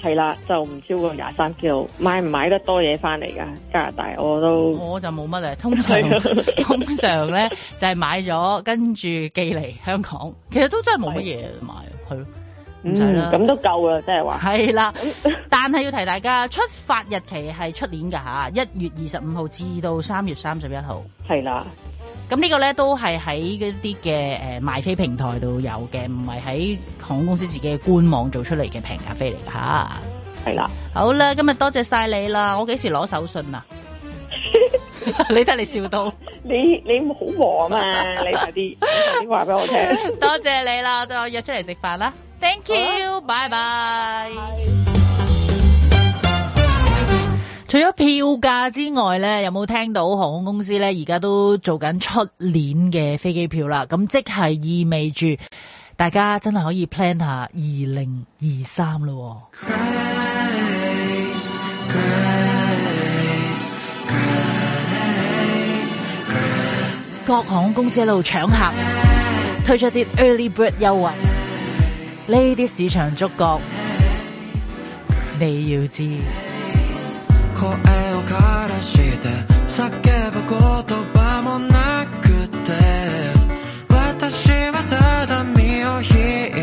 係啦，就唔超過廿三千買買唔買得多嘢翻嚟噶？加拿大我都我就冇乜啊，通常、啊、通常咧 就係買咗跟住寄嚟香港，其實都真係冇乜嘢買去。咁係啦，咁、嗯、都夠啦，即係話。係啦， 但係要提大家，出發日期係出年㗎嚇，一月二十五號至到三月三十一號。係啦，咁呢個咧都係喺嗰啲嘅賣飛平台度有嘅，唔係喺航空公司自己嘅官網做出嚟嘅平價飛嚟㗎嚇，係啦，好啦，今日多謝曬你啦，我幾時攞手信啊？ 你睇你笑到， 你你好忙啊你快啲，你話俾我聽。 多謝你啦，我就約出嚟食飯啦。Thank you，拜拜。除咗票價之外咧，有冇聽到航空公司咧而家都做緊出年嘅飛機票啦？咁即係意味住大家真係可以 plan 下二零二三咯。 各航空公司一路搶客，推出啲 early bird 優惠，呢啲市場觸覺，你要知。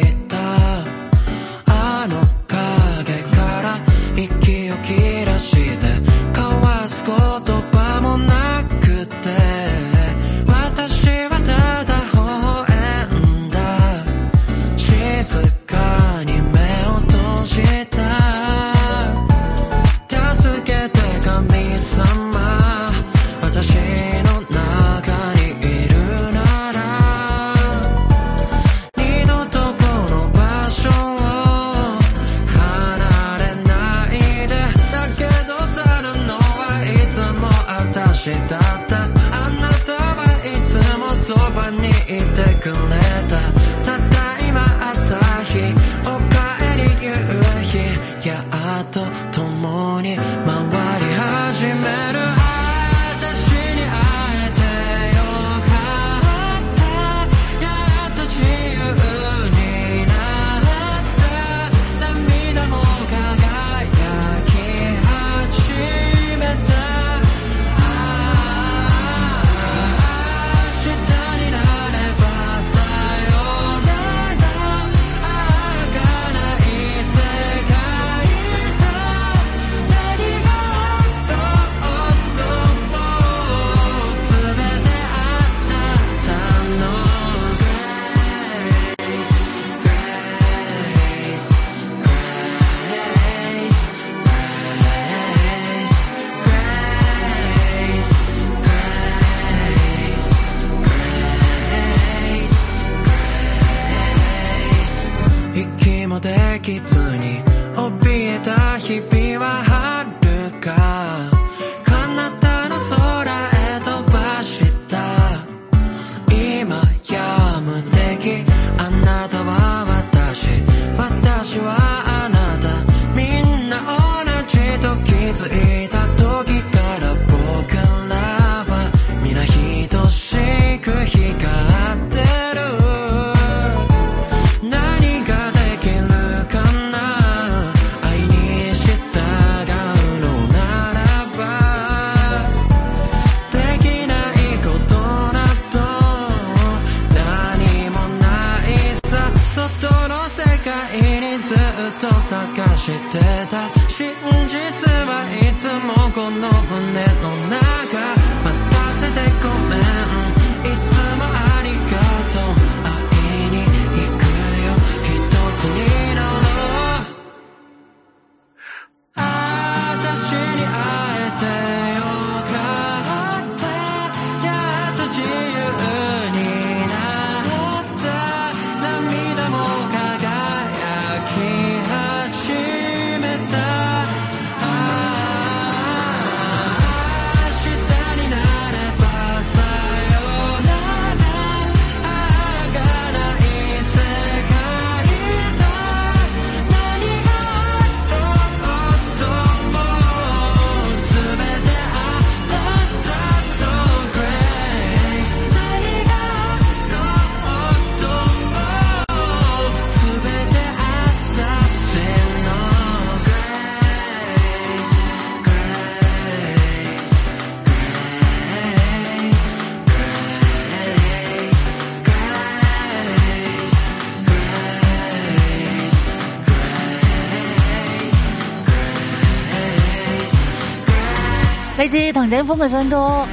似藤井風嘅新歌，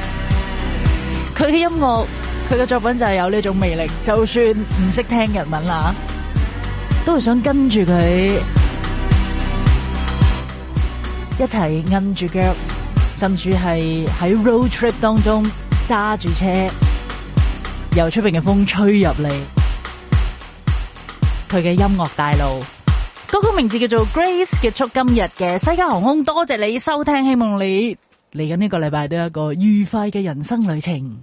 佢嘅音樂佢嘅作品就係有呢種魅力，就算唔識聽日文啦，都係想跟住佢一齊摁住腳，甚至係喺 road trip 當中揸住車，由出邊嘅風吹入嚟，佢嘅音樂帶路。歌曲名字叫做 Grace。結束今日嘅西加航空，多謝你收聽，希望你。嚟緊呢個禮拜都有一個愉快嘅人生旅程。